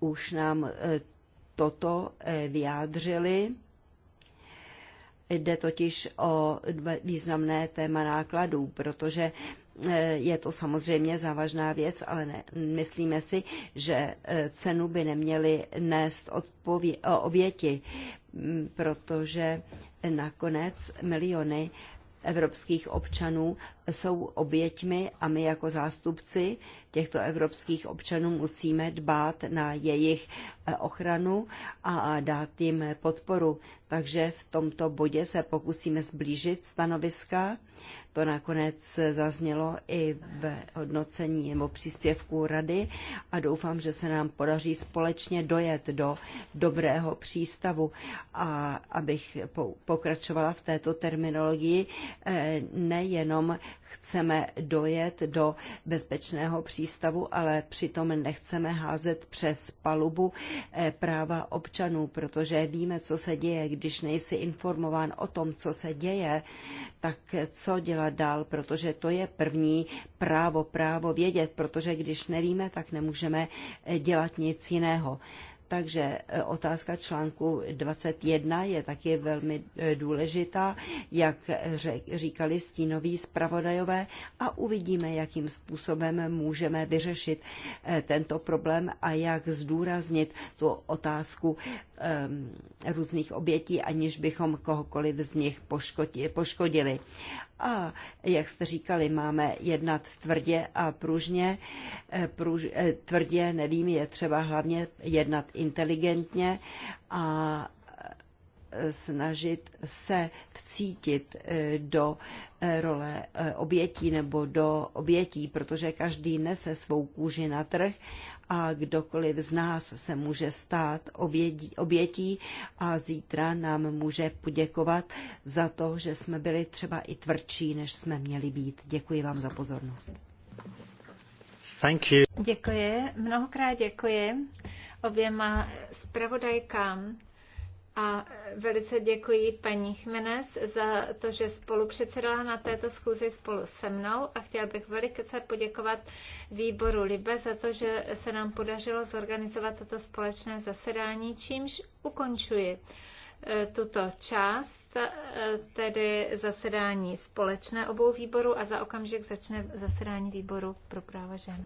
Už nám toto vyjádřili Jde totiž o významné téma nákladů, protože e, je to samozřejmě závažná věc, ale ne, myslíme si, že e, cenu by neměly nést odpovědi, oběti, protože nakonec miliony evropských občanů jsou oběťmi a my jako zástupci těchto evropských občanů musíme dbát na jejich eh, ochranu a dát jim podporu. Takže v tomto bodě se pokusíme zblížit stanoviska to nakonec zaznělo i v hodnocení nebo příspěvku rady a doufám, že se nám podaří společně dojet do dobrého přístavu. A abych pokračovala v této terminologii, eh, nejenom chceme dojet do bezpečného přístavu, ale přitom nechceme házet přes palubu eh, práva občanů, protože víme, co se děje. Když nejsi informován o tom, co se děje, tak co dělat dál, protože to je první právo, právo vědět, protože když nevíme, tak nemůžeme eh, dělat nic jiného. Takže e, otázka článku 21 je taky velmi e, důležitá, jak říkali stínoví zpravodajové a uvidíme, jakým způsobem můžeme vyřešit e, tento problém a jak zdůraznit tu otázku různých obětí, aniž bychom kohokoliv z nich poškodili. A jak jste říkali, máme jednat tvrdě a pružně. E, pruž, e, tvrdě, nevím, je třeba hlavně jednat inteligentně a e, snažit se vcítit do role obětí nebo do obětí, protože každý nese svou kůži na trh a kdokoliv z nás se může stát obědí, obětí a zítra nám může poděkovat za to, že jsme byli třeba i tvrdší, než jsme měli být. Děkuji vám za pozornost. Thank you. Děkuji, mnohokrát děkuji oběma zpravodajkám a velice děkuji paní Chmenes za to, že spolu předsedala na této schůzi spolu se mnou a chtěl bych velice poděkovat výboru Libe za to, že se nám podařilo zorganizovat toto společné zasedání, čímž ukončuji e, tuto část, e, tedy zasedání společné obou výborů a za okamžik začne zasedání výboru pro práva žen.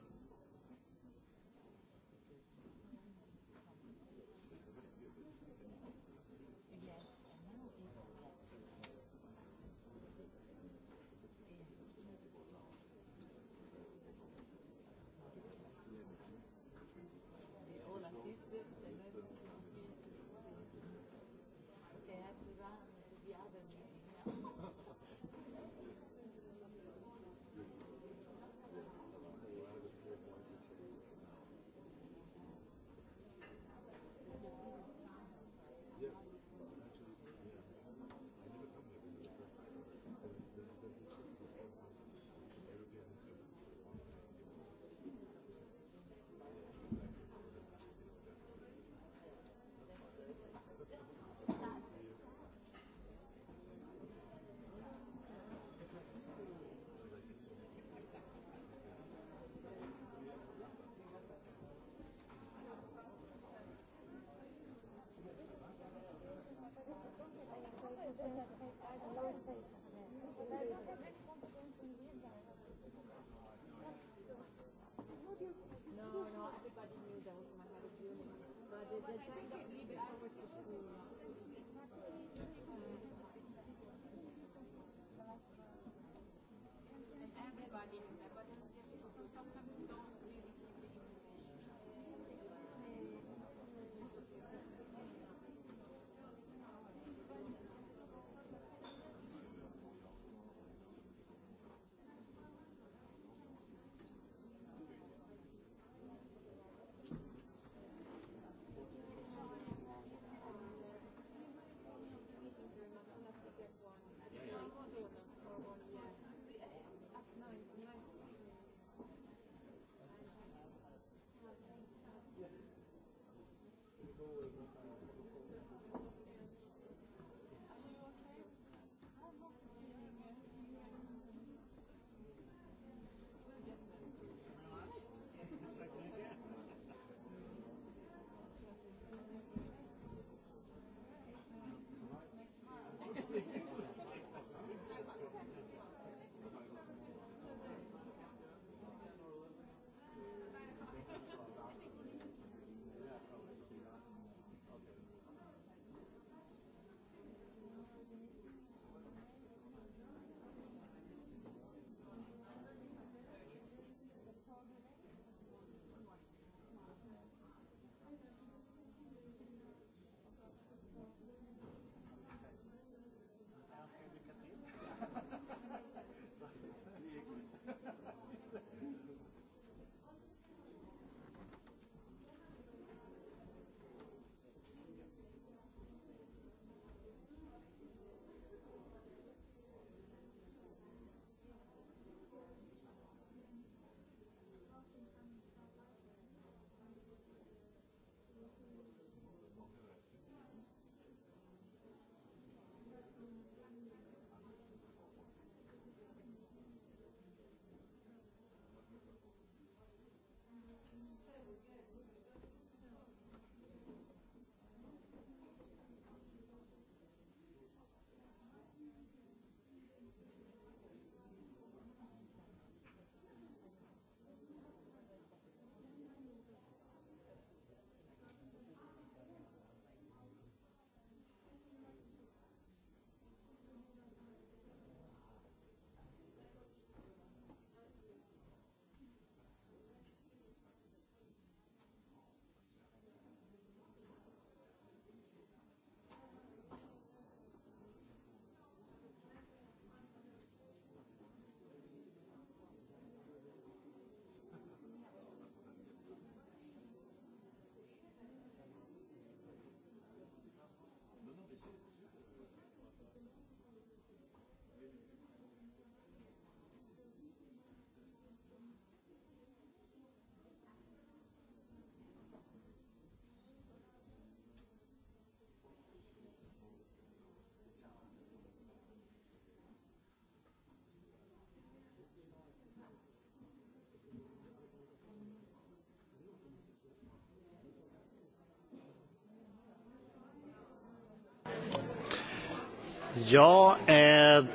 Jag är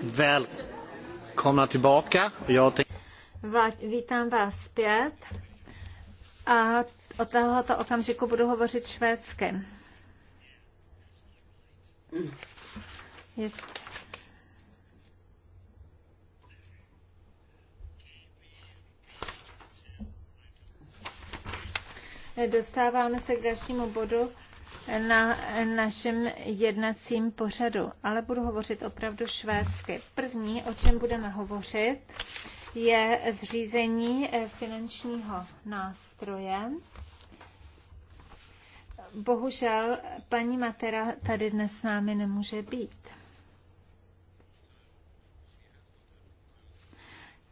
välkomna tillbaka. Jag Vítám vás zpět a od tohoto okamžiku budu hovořit švédsky. Je... Dostáváme se k dalšímu bodu na našem jednacím pořadu, ale budu hovořit opravdu švédsky. První, o čem budeme hovořit, je zřízení eh, finančního nástroje. Bohužel paní Matera tady dnes s námi nemůže být.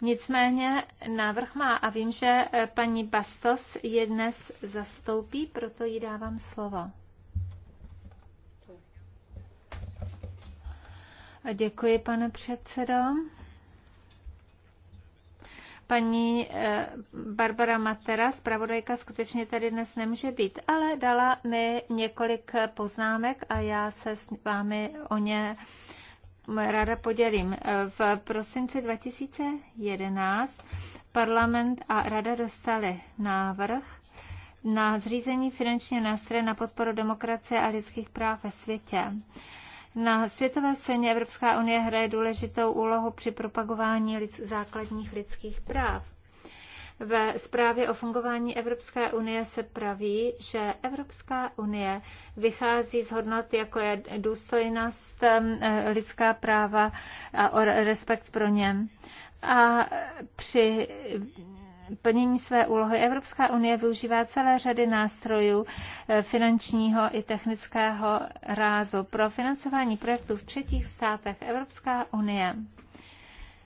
Nicméně návrh má a vím, že eh, paní Bastos je dnes zastoupí, proto jí dávám slovo. Děkuji, pane předsedo. Paní eh, Barbara Matera, zpravodajka, skutečně tady dnes nemůže být, ale dala mi několik poznámek a já se s vámi o ně ráda podělím. Eh, v prosinci 2011 parlament a rada dostali návrh na zřízení finančního nástroje na podporu demokracie a lidských práv ve světě. Na světové scéně Evropská unie hraje důležitou úlohu při propagování lid, základních lidských práv. Ve zprávě o fungování Evropské unie se praví, že Evropská unie vychází z hodnot, jako je důstojnost, eh, lidská práva a respekt pro něm. A při plnění své úlohy. Evropská unie využívá celé řady nástrojů eh, finančního i technického rázu. Pro financování projektů v třetích státech Evropská unie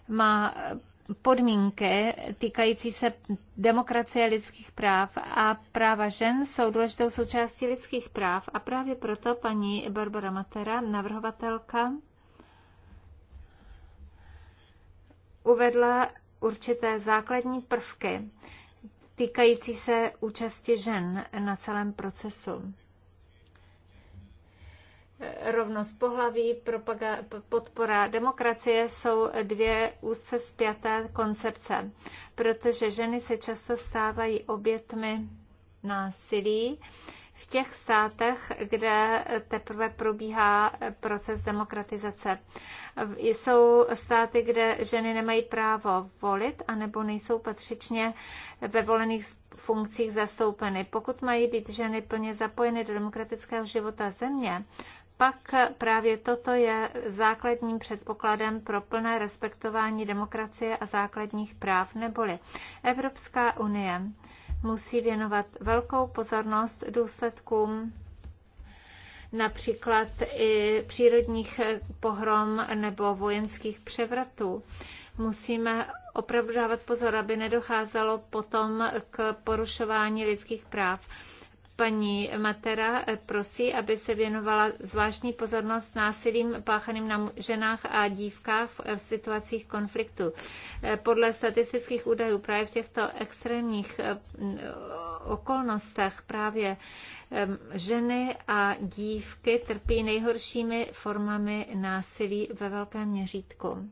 má podmínky týkající se demokracie lidských práv a práva žen jsou důležitou součástí lidských práv a právě proto paní Barbara Matera, navrhovatelka, uvedla určité základní prvky týkající se účasti žen na celém procesu. Rovnost pohlaví, propaga- podpora demokracie jsou dvě úzce zpěté koncepce, protože ženy se často stávají obětmi násilí, v těch státech, kde teprve probíhá proces demokratizace. Jsou státy, kde ženy nemají právo volit anebo nejsou patřičně ve volených funkcích zastoupeny. Pokud mají být ženy plně zapojeny do demokratického života země, pak právě toto je základním předpokladem pro plné respektování demokracie a základních práv neboli Evropská unie musí věnovat velkou pozornost důsledkům například i přírodních pohrom nebo vojenských převratů. Musíme opravdu dávat pozor, aby nedocházelo potom k porušování lidských práv. Paní Matera eh, prosí, aby se věnovala zvláštní pozornost násilím páchaným na ženách a dívkách v eh, situacích konfliktu. Eh, podle statistických údajů právě v těchto extrémních okolnostech právě ženy a dívky trpí nejhoršími formami násilí ve velkém měřítku.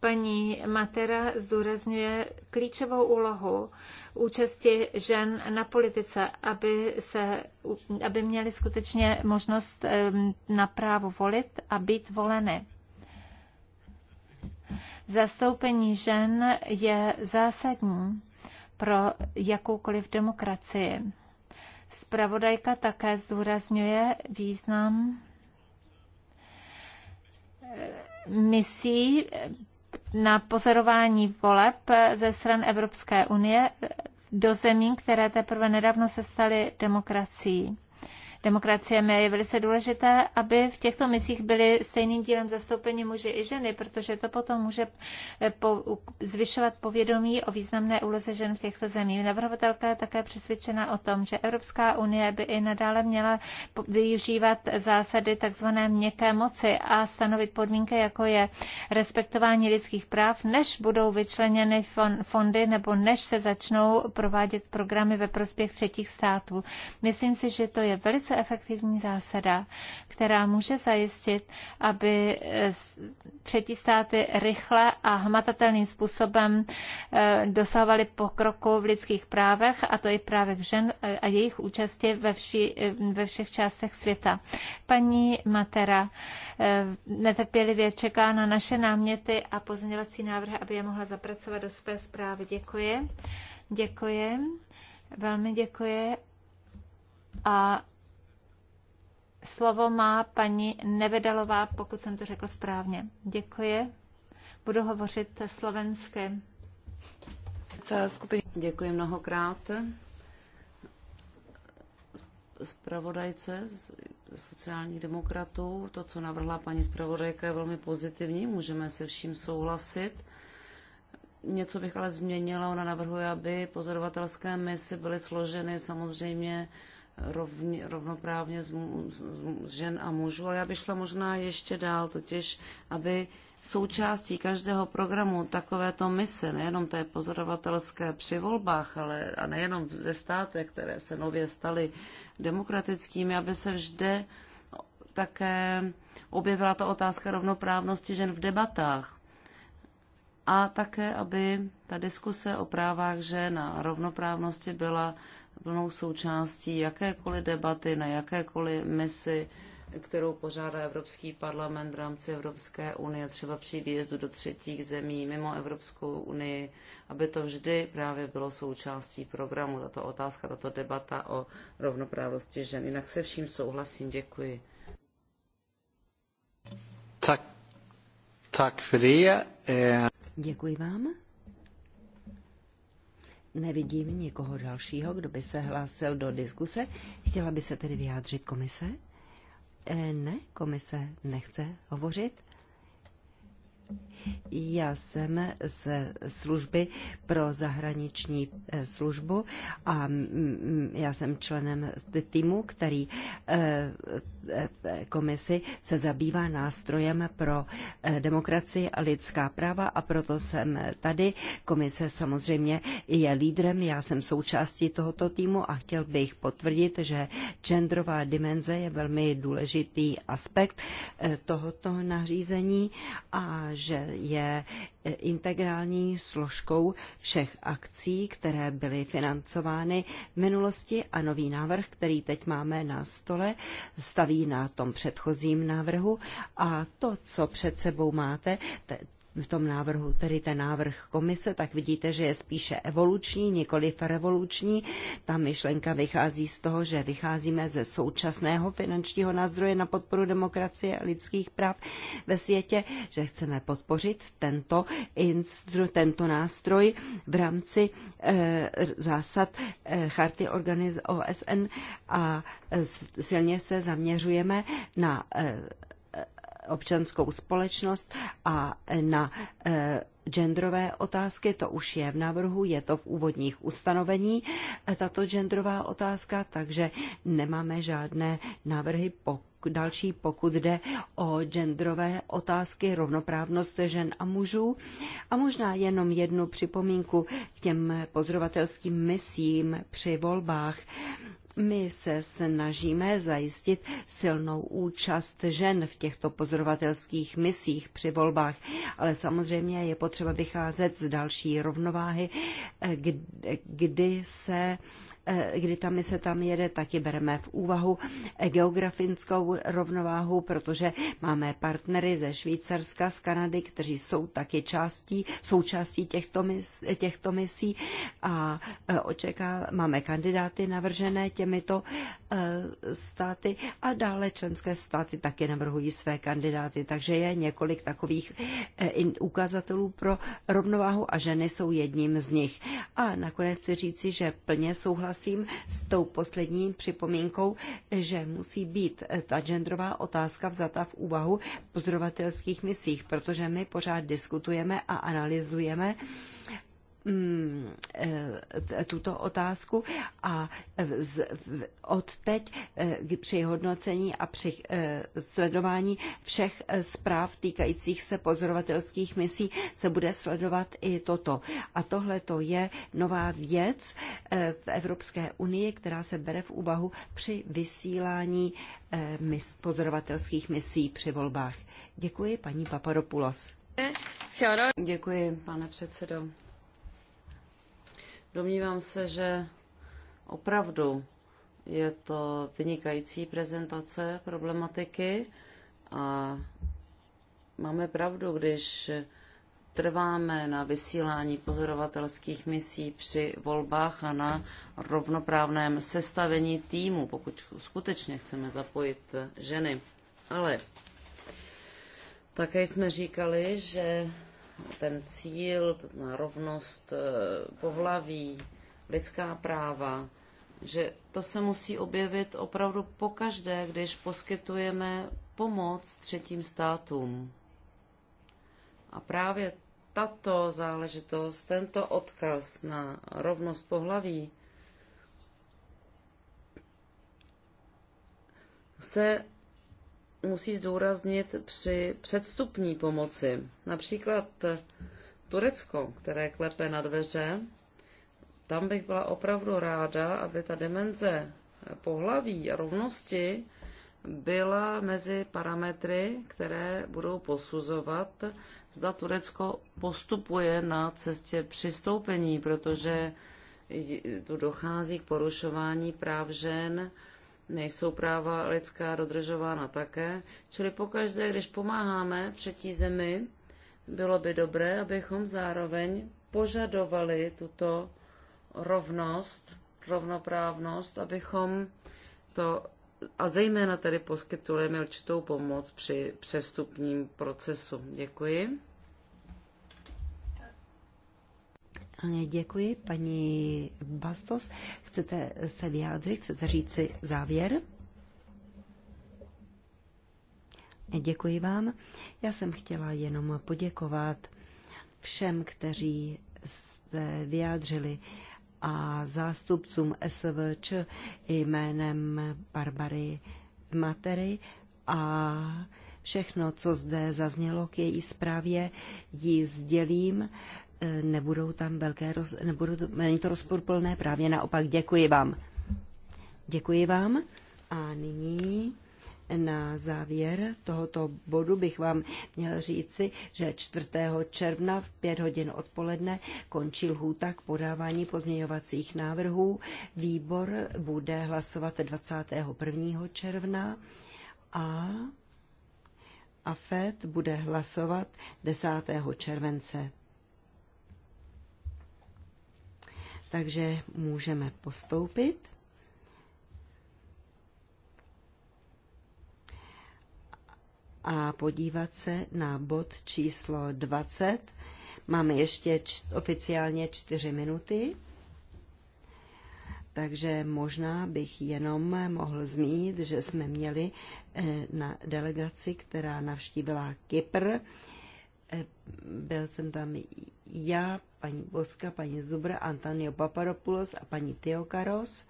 Paní Matera zdůrazňuje klíčovou úlohu účasti žen na politice, aby, se, aby měli skutečně možnost na právo volit a být voleny. Zastoupení žen je zásadní pro jakoukoliv demokracii. Spravodajka také zdůrazňuje význam eh, misí na pozorování voleb ze stran Evropské unie do zemí, které teprve nedávno se staly demokracií demokracie je velice důležité, aby v těchto misích byly stejným dílem zastoupeni muži i ženy, protože to potom může eh, po, zvyšovat povědomí o významné úloze žen v těchto zemích. Navrhovatelka je také přesvědčena o tom, že Evropská unie by i nadále měla využívat zásady tzv. měkké moci a stanovit podmínky, jako je respektování lidských práv, než budou vyčleněny fondy nebo než se začnou provádět programy ve prospěch třetích států. Myslím si, že to je velice velice efektivní zásada, která může zajistit, aby eh, třetí státy rychle a hmatatelným způsobem eh, dosahovaly pokroku v lidských právech, a to i v žen eh, a jejich účasti ve, vši, ve všech částech světa. Paní Matera netrpělivě čeká na naše náměty a pozměňovací návrhy, aby je mohla zapracovat do své zprávy. Děkuji. Děkuji. Velmi děkuji. A Slovo má paní Nevedalová, pokud jsem to řekl správně. Děkuji. Budu hovořit slovensky. Děkuji mnohokrát. Spravodajce sociálních demokratů, to, co navrhla paní zpravodajka, je velmi pozitivní, můžeme se vším souhlasit. Něco bych ale změnila, ona navrhuje, aby pozorovatelské mise byly složeny samozřejmě rovně, rovnoprávně z, z, z žen a mužů, ale já bych šla možná ještě dál, totiž aby součástí každého programu takovéto mise, nejenom té pozorovatelské při volbách, ale a nejenom ve státech, které se nově staly demokratickými, aby se vždy také objevila ta otázka rovnoprávnosti žen v debatách. A také, aby ta diskuse o právách žen a rovnoprávnosti byla plnou součástí jakékoliv debaty na jakékoliv misi, kterou pořádá Evropský parlament v rámci Evropské unie, třeba při výjezdu do třetích zemí mimo Evropskou unii, aby to vždy právě bylo součástí programu, tato otázka, tato debata o rovnoprávnosti žen. Jinak se vším souhlasím, děkuji. Tak, tak, eh. Děkuji vám. Nevidím nikoho dalšího, kdo by se hlásil do diskuse. Chtěla by se tedy vyjádřit komise? Eh, ne, komise nechce hovořit. Já jsem ze služby pro zahraniční eh, službu a já jsem členem týmu, který eh, eh, komisi se zabývá nástrojem pro demokracii a lidská práva a proto jsem tady. Komise samozřejmě je lídrem, já jsem součástí tohoto týmu a chtěl bych potvrdit, že genderová dimenze je velmi důležitý aspekt tohoto nařízení a že je e, integrální složkou všech akcí, které byly financovány v minulosti a nový návrh, který teď máme na stole, staví na tom předchozím návrhu a to, co před sebou máte, v tom návrhu, tedy ten návrh komise, tak vidíte, že je spíše evoluční, nikoli revoluční. Ta myšlenka vychází z toho, že vycházíme ze současného finančního nástroje na podporu demokracie a lidských práv ve světě, že chceme podpořit tento, instru, tento nástroj v rámci e, zásad e, charty organiz- OSN a e, silně se zaměřujeme na e, občanskou společnost a na e, genderové otázky, to už je v návrhu, je to v úvodních ustanovení, e, tato genderová otázka, takže nemáme žádné návrhy po další, pokud jde o genderové otázky, rovnoprávnost žen a mužů. A možná jenom jednu připomínku k těm pozorovatelským misím při volbách. My se snažíme zajistit silnou účast žen v těchto pozorovatelských misích při volbách, ale samozřejmě je potřeba vycházet z další rovnováhy, eh, kdy se Eh, kdy ta mise tam jede, taky bereme v úvahu eh, geografickou rovnováhu, protože máme partnery ze Švýcarska, z Kanady, kteří jsou taky částí, součástí těchto, mis, těchto misí a eh, očeká, máme kandidáty navržené těmito státy a dále členské státy taky navrhují své kandidáty, takže je několik takových ukazatelů pro rovnováhu a ženy jsou jedním z nich. A nakonec si říci, že plně souhlasím souhlasím s tou poslední připomínkou, že musí být eh, ta genderová otázka vzata v úvahu v pozorovatelských misích, protože my pořád diskutujeme a analyzujeme Mm, e, tuto otázku a od teď e, při hodnocení a při e, sledování všech zpráv týkajících se pozorovatelských misí se bude sledovat i toto. A tohle to je nová věc v Evropské unii, která se bere v úvahu při vysílání mis, pozorovatelských misí při volbách. Děkuji, paní Papadopoulos. Děkuji, pane předsedo. Domnívám se, že opravdu je to vynikající prezentace problematiky a máme pravdu, když trváme na vysílání pozorovatelských misí při volbách a na rovnoprávném sestavení týmu, pokud skutečně chceme zapojit ženy. Ale také jsme říkali, že ten cíl, to znamená rovnost eh, pohlaví, lidská práva, že to se musí objevit opravdu pokaždé, když poskytujeme pomoc třetím státům. A právě tato záležitost, tento odkaz na rovnost pohlaví se musí zdůraznit při předstupní pomoci. Například Turecko, které klepe na dveře, tam bych byla opravdu ráda, aby ta dimenze pohlaví a rovnosti byla mezi parametry, které budou posuzovat, zda Turecko postupuje na cestě přistoupení, protože tu dochází k porušování práv žen, nejsou práva lidská dodržována také. Čili pokaždé, když pomáháme třetí zemi, bylo by dobré, abychom zároveň požadovali tuto rovnost, rovnoprávnost, abychom to a zejména tedy poskytujeme určitou pomoc při převstupním procesu. Děkuji. Děkuji, paní Bastos. Chcete se vyjádřit, chcete říct si závěr? Děkuji vám. Já jsem chtěla jenom poděkovat všem, kteří se vyjádřili a zástupcům SVČ jménem Barbary Matery a všechno, co zde zaznělo k její zprávě, ji sdělím nebudou tam velké, roz, nebudou, není to rozporuplné, právě naopak. Děkuji vám. Děkuji vám. A nyní na závěr tohoto bodu bych vám měl říci, že 4. června v 5 hodin odpoledne končí lhůta k podávání pozměňovacích návrhů. Výbor bude hlasovat 21. června a AFED bude hlasovat 10. července. takže můžeme postoupit. A podívat se na bod číslo 20. Máme ještě oficiálně 4 minuty. Takže možná bych jenom mohl zmínit, že jsme měli eh, na delegaci, která navštívila Kypr, Eh, byl jsem tam já, paní Boska, paní Zubra, Antonio Paparopoulos a paní Teokaros.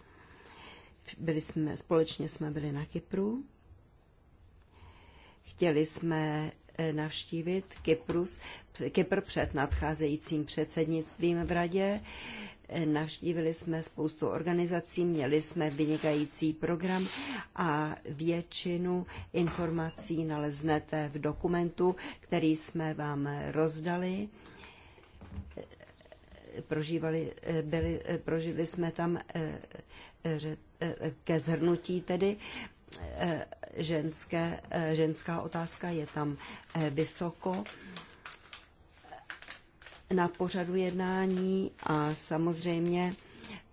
Byli jsme, společně jsme byli na Kypru. Chtěli jsme eh, navštívit Kyprus, Kypr před nadcházejícím předsednictvím v radě. Navštívili jsme spoustu organizací, měli jsme vynikající program a většinu informací naleznete v dokumentu, který jsme vám rozdali prožívali, byli, prožili jsme tam eh, eh, ke zhrnutí tedy eh, ženské, ženská otázka je tam vysoko na pořadu jednání a samozřejmě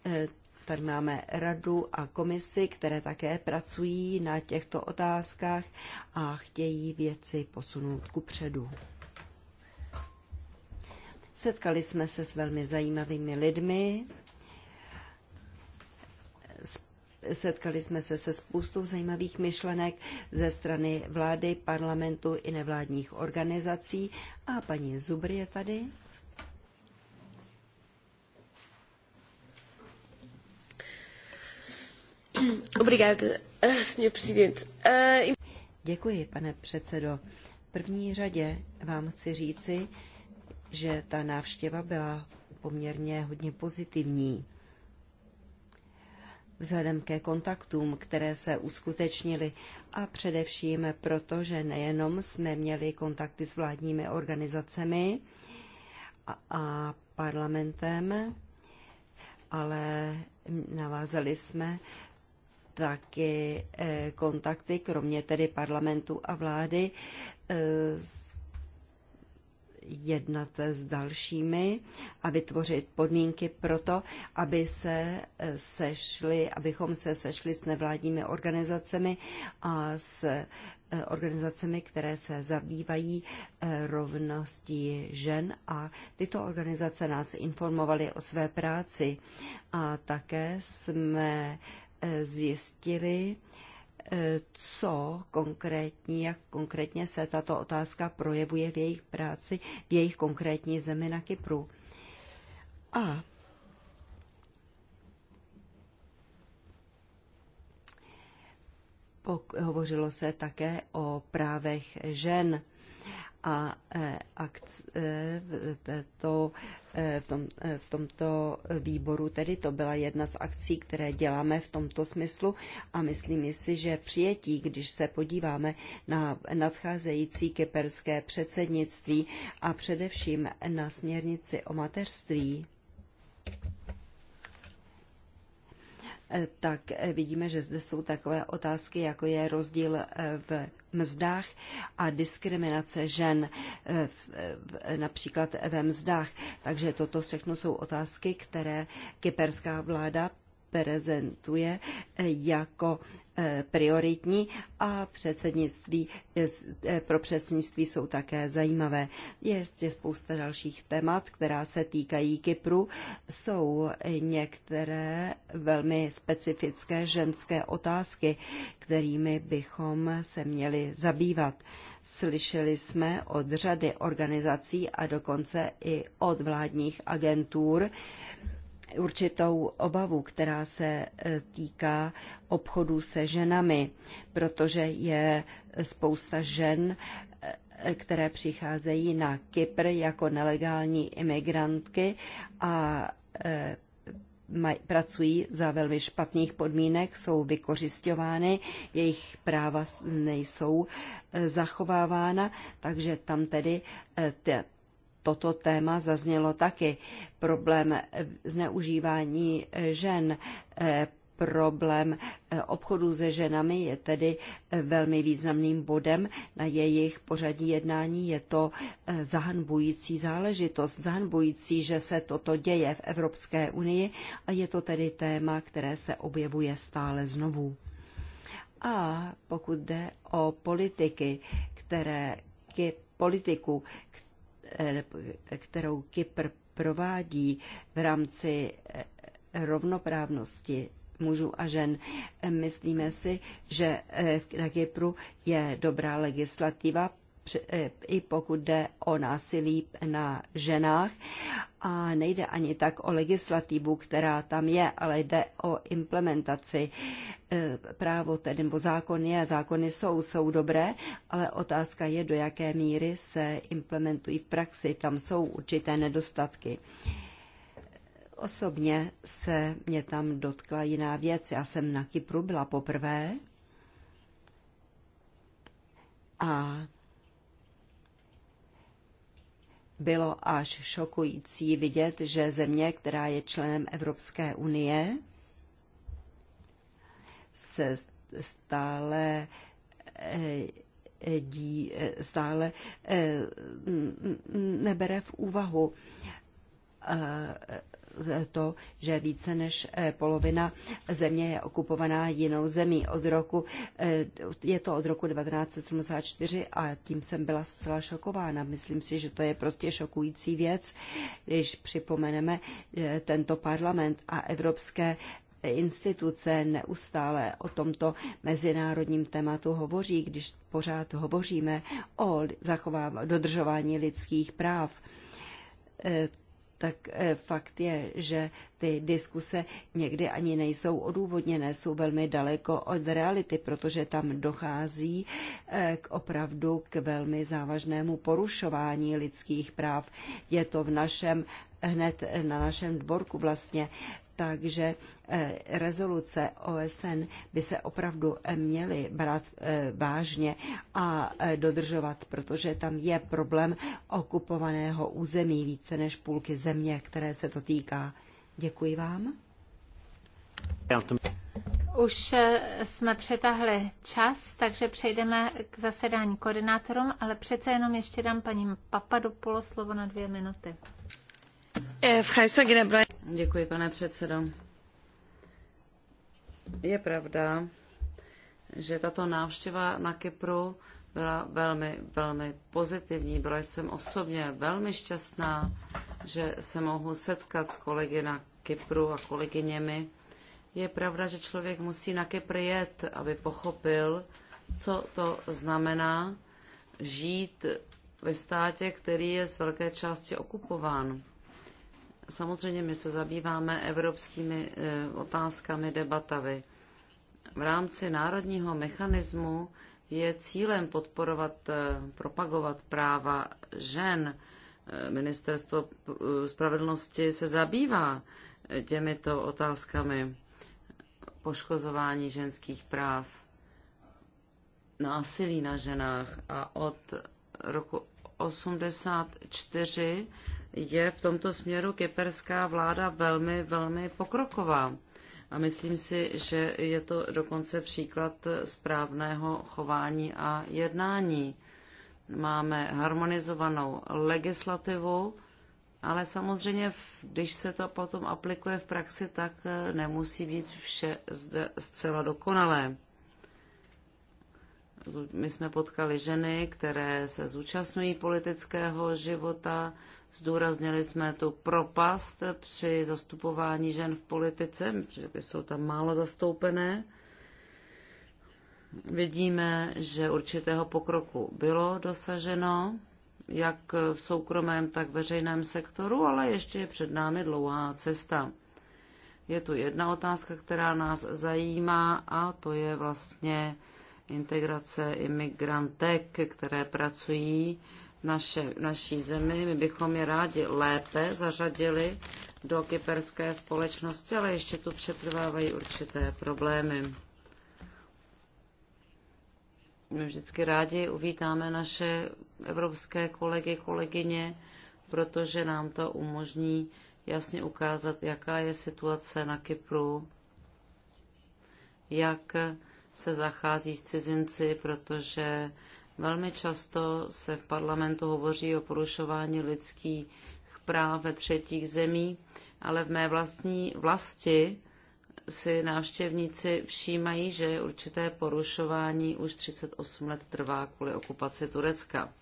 eh, tady máme radu a komisi, které také pracují na těchto otázkách a chtějí věci posunout ku předu. Setkali jsme se s velmi zajímavými lidmi, setkali jsme se se spoustou zajímavých myšlenek ze strany vlády, parlamentu i nevládních organizací. A paní Zubr je tady. Eh, senhor presidente. Eh, e- Děkuji, pane předsedo. V první řadě vám chci říci, že ta návštěva byla poměrně hodně pozitivní. Vzhledem ke kontaktům, které se uskutečnily a především proto, že nejenom jsme měli kontakty s vládními organizacemi a, a parlamentem, ale navázali jsme taky eh, kontakty, kromě tedy parlamentu a vlády, eh, jednat s dalšími a vytvořit podmínky pro to, aby se eh, sešli, abychom se sešli s nevládními organizacemi a s organizacemi, které se zabývají rovností žen a tyto organizace nás informovaly o své práci a také jsme zjistili, eh, co konkrétní, jak konkrétně se tato otázka projevuje v jejich práci, v jejich konkrétní zemi na Kypru. A hovořilo se také o právech žen a eh, akce eh, to eh, v, tom, v tomto výboru. Tedy to byla jedna z akcí, které děláme v tomto smyslu a myslím si, že přijetí, když se podíváme na nadcházející kyperské předsednictví a především na směrnici o mateřství, tak eh, vidíme, že zde jsou takové otázky, jako je rozdíl eh, v mzdách a diskriminace žen eh, například ve mzdách. Takže toto všechno jsou otázky, které kyperská vláda prezentuje eh, jako eh, prioritní a předsednictví, eh, pro předsednictví jsou také zajímavé. Je ještě spousta dalších témat, která se týkají Kypru. Jsou některé velmi specifické ženské otázky, kterými bychom se měli zabývat. Slyšeli jsme od řady organizací a dokonce i od vládních agentur, určitou obavu, která se e, týká obchodu se ženami, protože je spousta žen, e, které přicházejí na Kypr jako nelegální imigrantky a e, pracují za velmi špatných podmínek, jsou vykořišťovány, jejich práva nejsou zachovávána, takže tam tedy toto téma zaznělo taky. Problém eh, zneužívání eh, žen, eh, problém obchodu se ženami je tedy velmi významným bodem na jejich pořadí jednání. Je to zahanbující záležitost, zahanbující, že se toto děje v Evropské unii a je to tedy téma, které se objevuje stále znovu. A pokud jde o politiky, které politiku, Eh, kterou Kypr provádí v rámci eh, rovnoprávnosti mužů a žen. Eh, myslíme si, že na Kypru je dobrá legislativa Eh, i pokud jde o násilí na ženách. A nejde ani tak o legislativu, která tam je, ale jde o implementaci. Eh, právo tedy, nebo zákon je, zákony jsou, jsou dobré, ale otázka je, do jaké míry se implementují v praxi. Tam jsou určité nedostatky. Osobně se mě tam dotkla jiná věc. Já jsem na Kypru byla poprvé a bylo až šokující vidět, že země, která je členem Evropské unie, se stále eh, dí, eh, stále eh, nebere v úvahu to, že více než eh, polovina země je okupovaná jinou zemí. Od roku, eh, je to od roku 1974 a tím jsem byla zcela šokována. Myslím si, že to je prostě šokující věc, když připomeneme eh, tento parlament a evropské instituce neustále o tomto mezinárodním tématu hovoří, když pořád hovoříme o zachovávání dodržování lidských práv tak eh, fakt je, že ty diskuse někdy ani nejsou odůvodněné, jsou velmi daleko od reality, protože tam dochází eh, k opravdu k velmi závažnému porušování lidských práv. Je to v našem hned na našem dvorku vlastně takže eh, rezoluce OSN by se opravdu eh, měly brát eh, vážně a dodržovat, protože tam je problém okupovaného území více než půlky země, které se to týká. Děkuji vám. Už jsme přetahli čas, takže přejdeme k zasedání koordinátorům, ale přece jenom ještě dám paní Papadopoulos slovo na dvě minuty. Děkuji, pane předsedající Je pravda, že tato návštěva na Kypru byla velmi, velmi pozitivní. Byla jsem osobně velmi šťastná, že se mohu setkat s kolegy na Kypru a kolegyněmi. Je pravda, že člověk musí na Kypr jet, aby pochopil, co to znamená žít ve státě, který je z velké části okupován. Samozřejmě my se zabýváme evropskými eh, otázkami debatami. V rámci národního mechanismu je cílem podporovat, eh, propagovat práva žen. Eh, Ministerstvo spravedlnosti se zabývá těmito otázkami poškozování ženských práv, násilí na ženách a od roku 84 je v tomto směru kyperská vláda velmi, velmi pokroková. A myslím si, že je to dokonce příklad správného chování a jednání. Máme harmonizovanou legislativu, ale samozřejmě, když se to potom aplikuje v praxi, tak eh, nemusí být vše zde zcela dokonalé. My jsme potkali ženy, které se zúčastňují politického života, Zdůraznili jsme tu propast při zastupování žen v politice, protože ty jsou tam málo zastoupené. Vidíme, že určitého pokroku bylo dosaženo, jak v soukromém, tak veřejném sektoru, ale ještě je před námi dlouhá cesta. Je tu jedna otázka, která nás zajímá a to je vlastně integrace imigrantek, které pracují naše, naší zemi. My bychom je rádi lépe zařadili do kyperské společnosti, ale ještě tu přetrvávají určité problémy. My vždycky rádi uvítáme naše evropské kolegy, kolegyně, protože nám to umožní jasně ukázat, jaká je situace na Kypru, jak se zachází s cizinci, protože Velmi často se v parlamentu hovoří o porušování lidských práv ve třetích zemí, ale v mé vlastní vlasti si návštěvníci všímají, že určité porušování už 38 let trvá kvůli okupaci Turecka.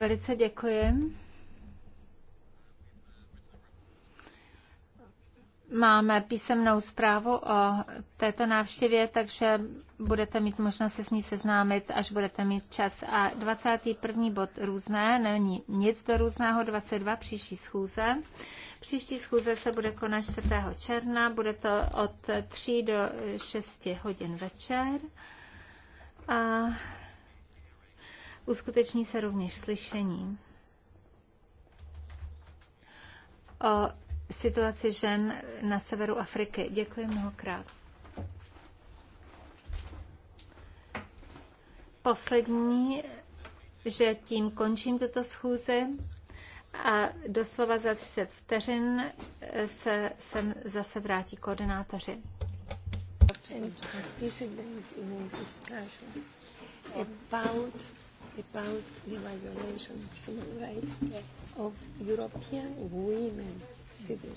Velice děkuji. máme písemnou zprávu o této návštěvě, takže budete mít možnost se s ní seznámit, až budete mít čas. A 21. bod různé, není nic do různého, 22. příští schůze. Příští schůze se bude konat 4. června, bude to od 3 do 6 hodin večer. A uskuteční se rovněž slyšení o situaci žen na severu Afriky. Děkuji mnohokrát. Poslední, že tím končím tuto schůzi a doslova za 30 vteřin eh, se sem zase vrátí koordinátoři. About, about the violation of human rights of European women sebe.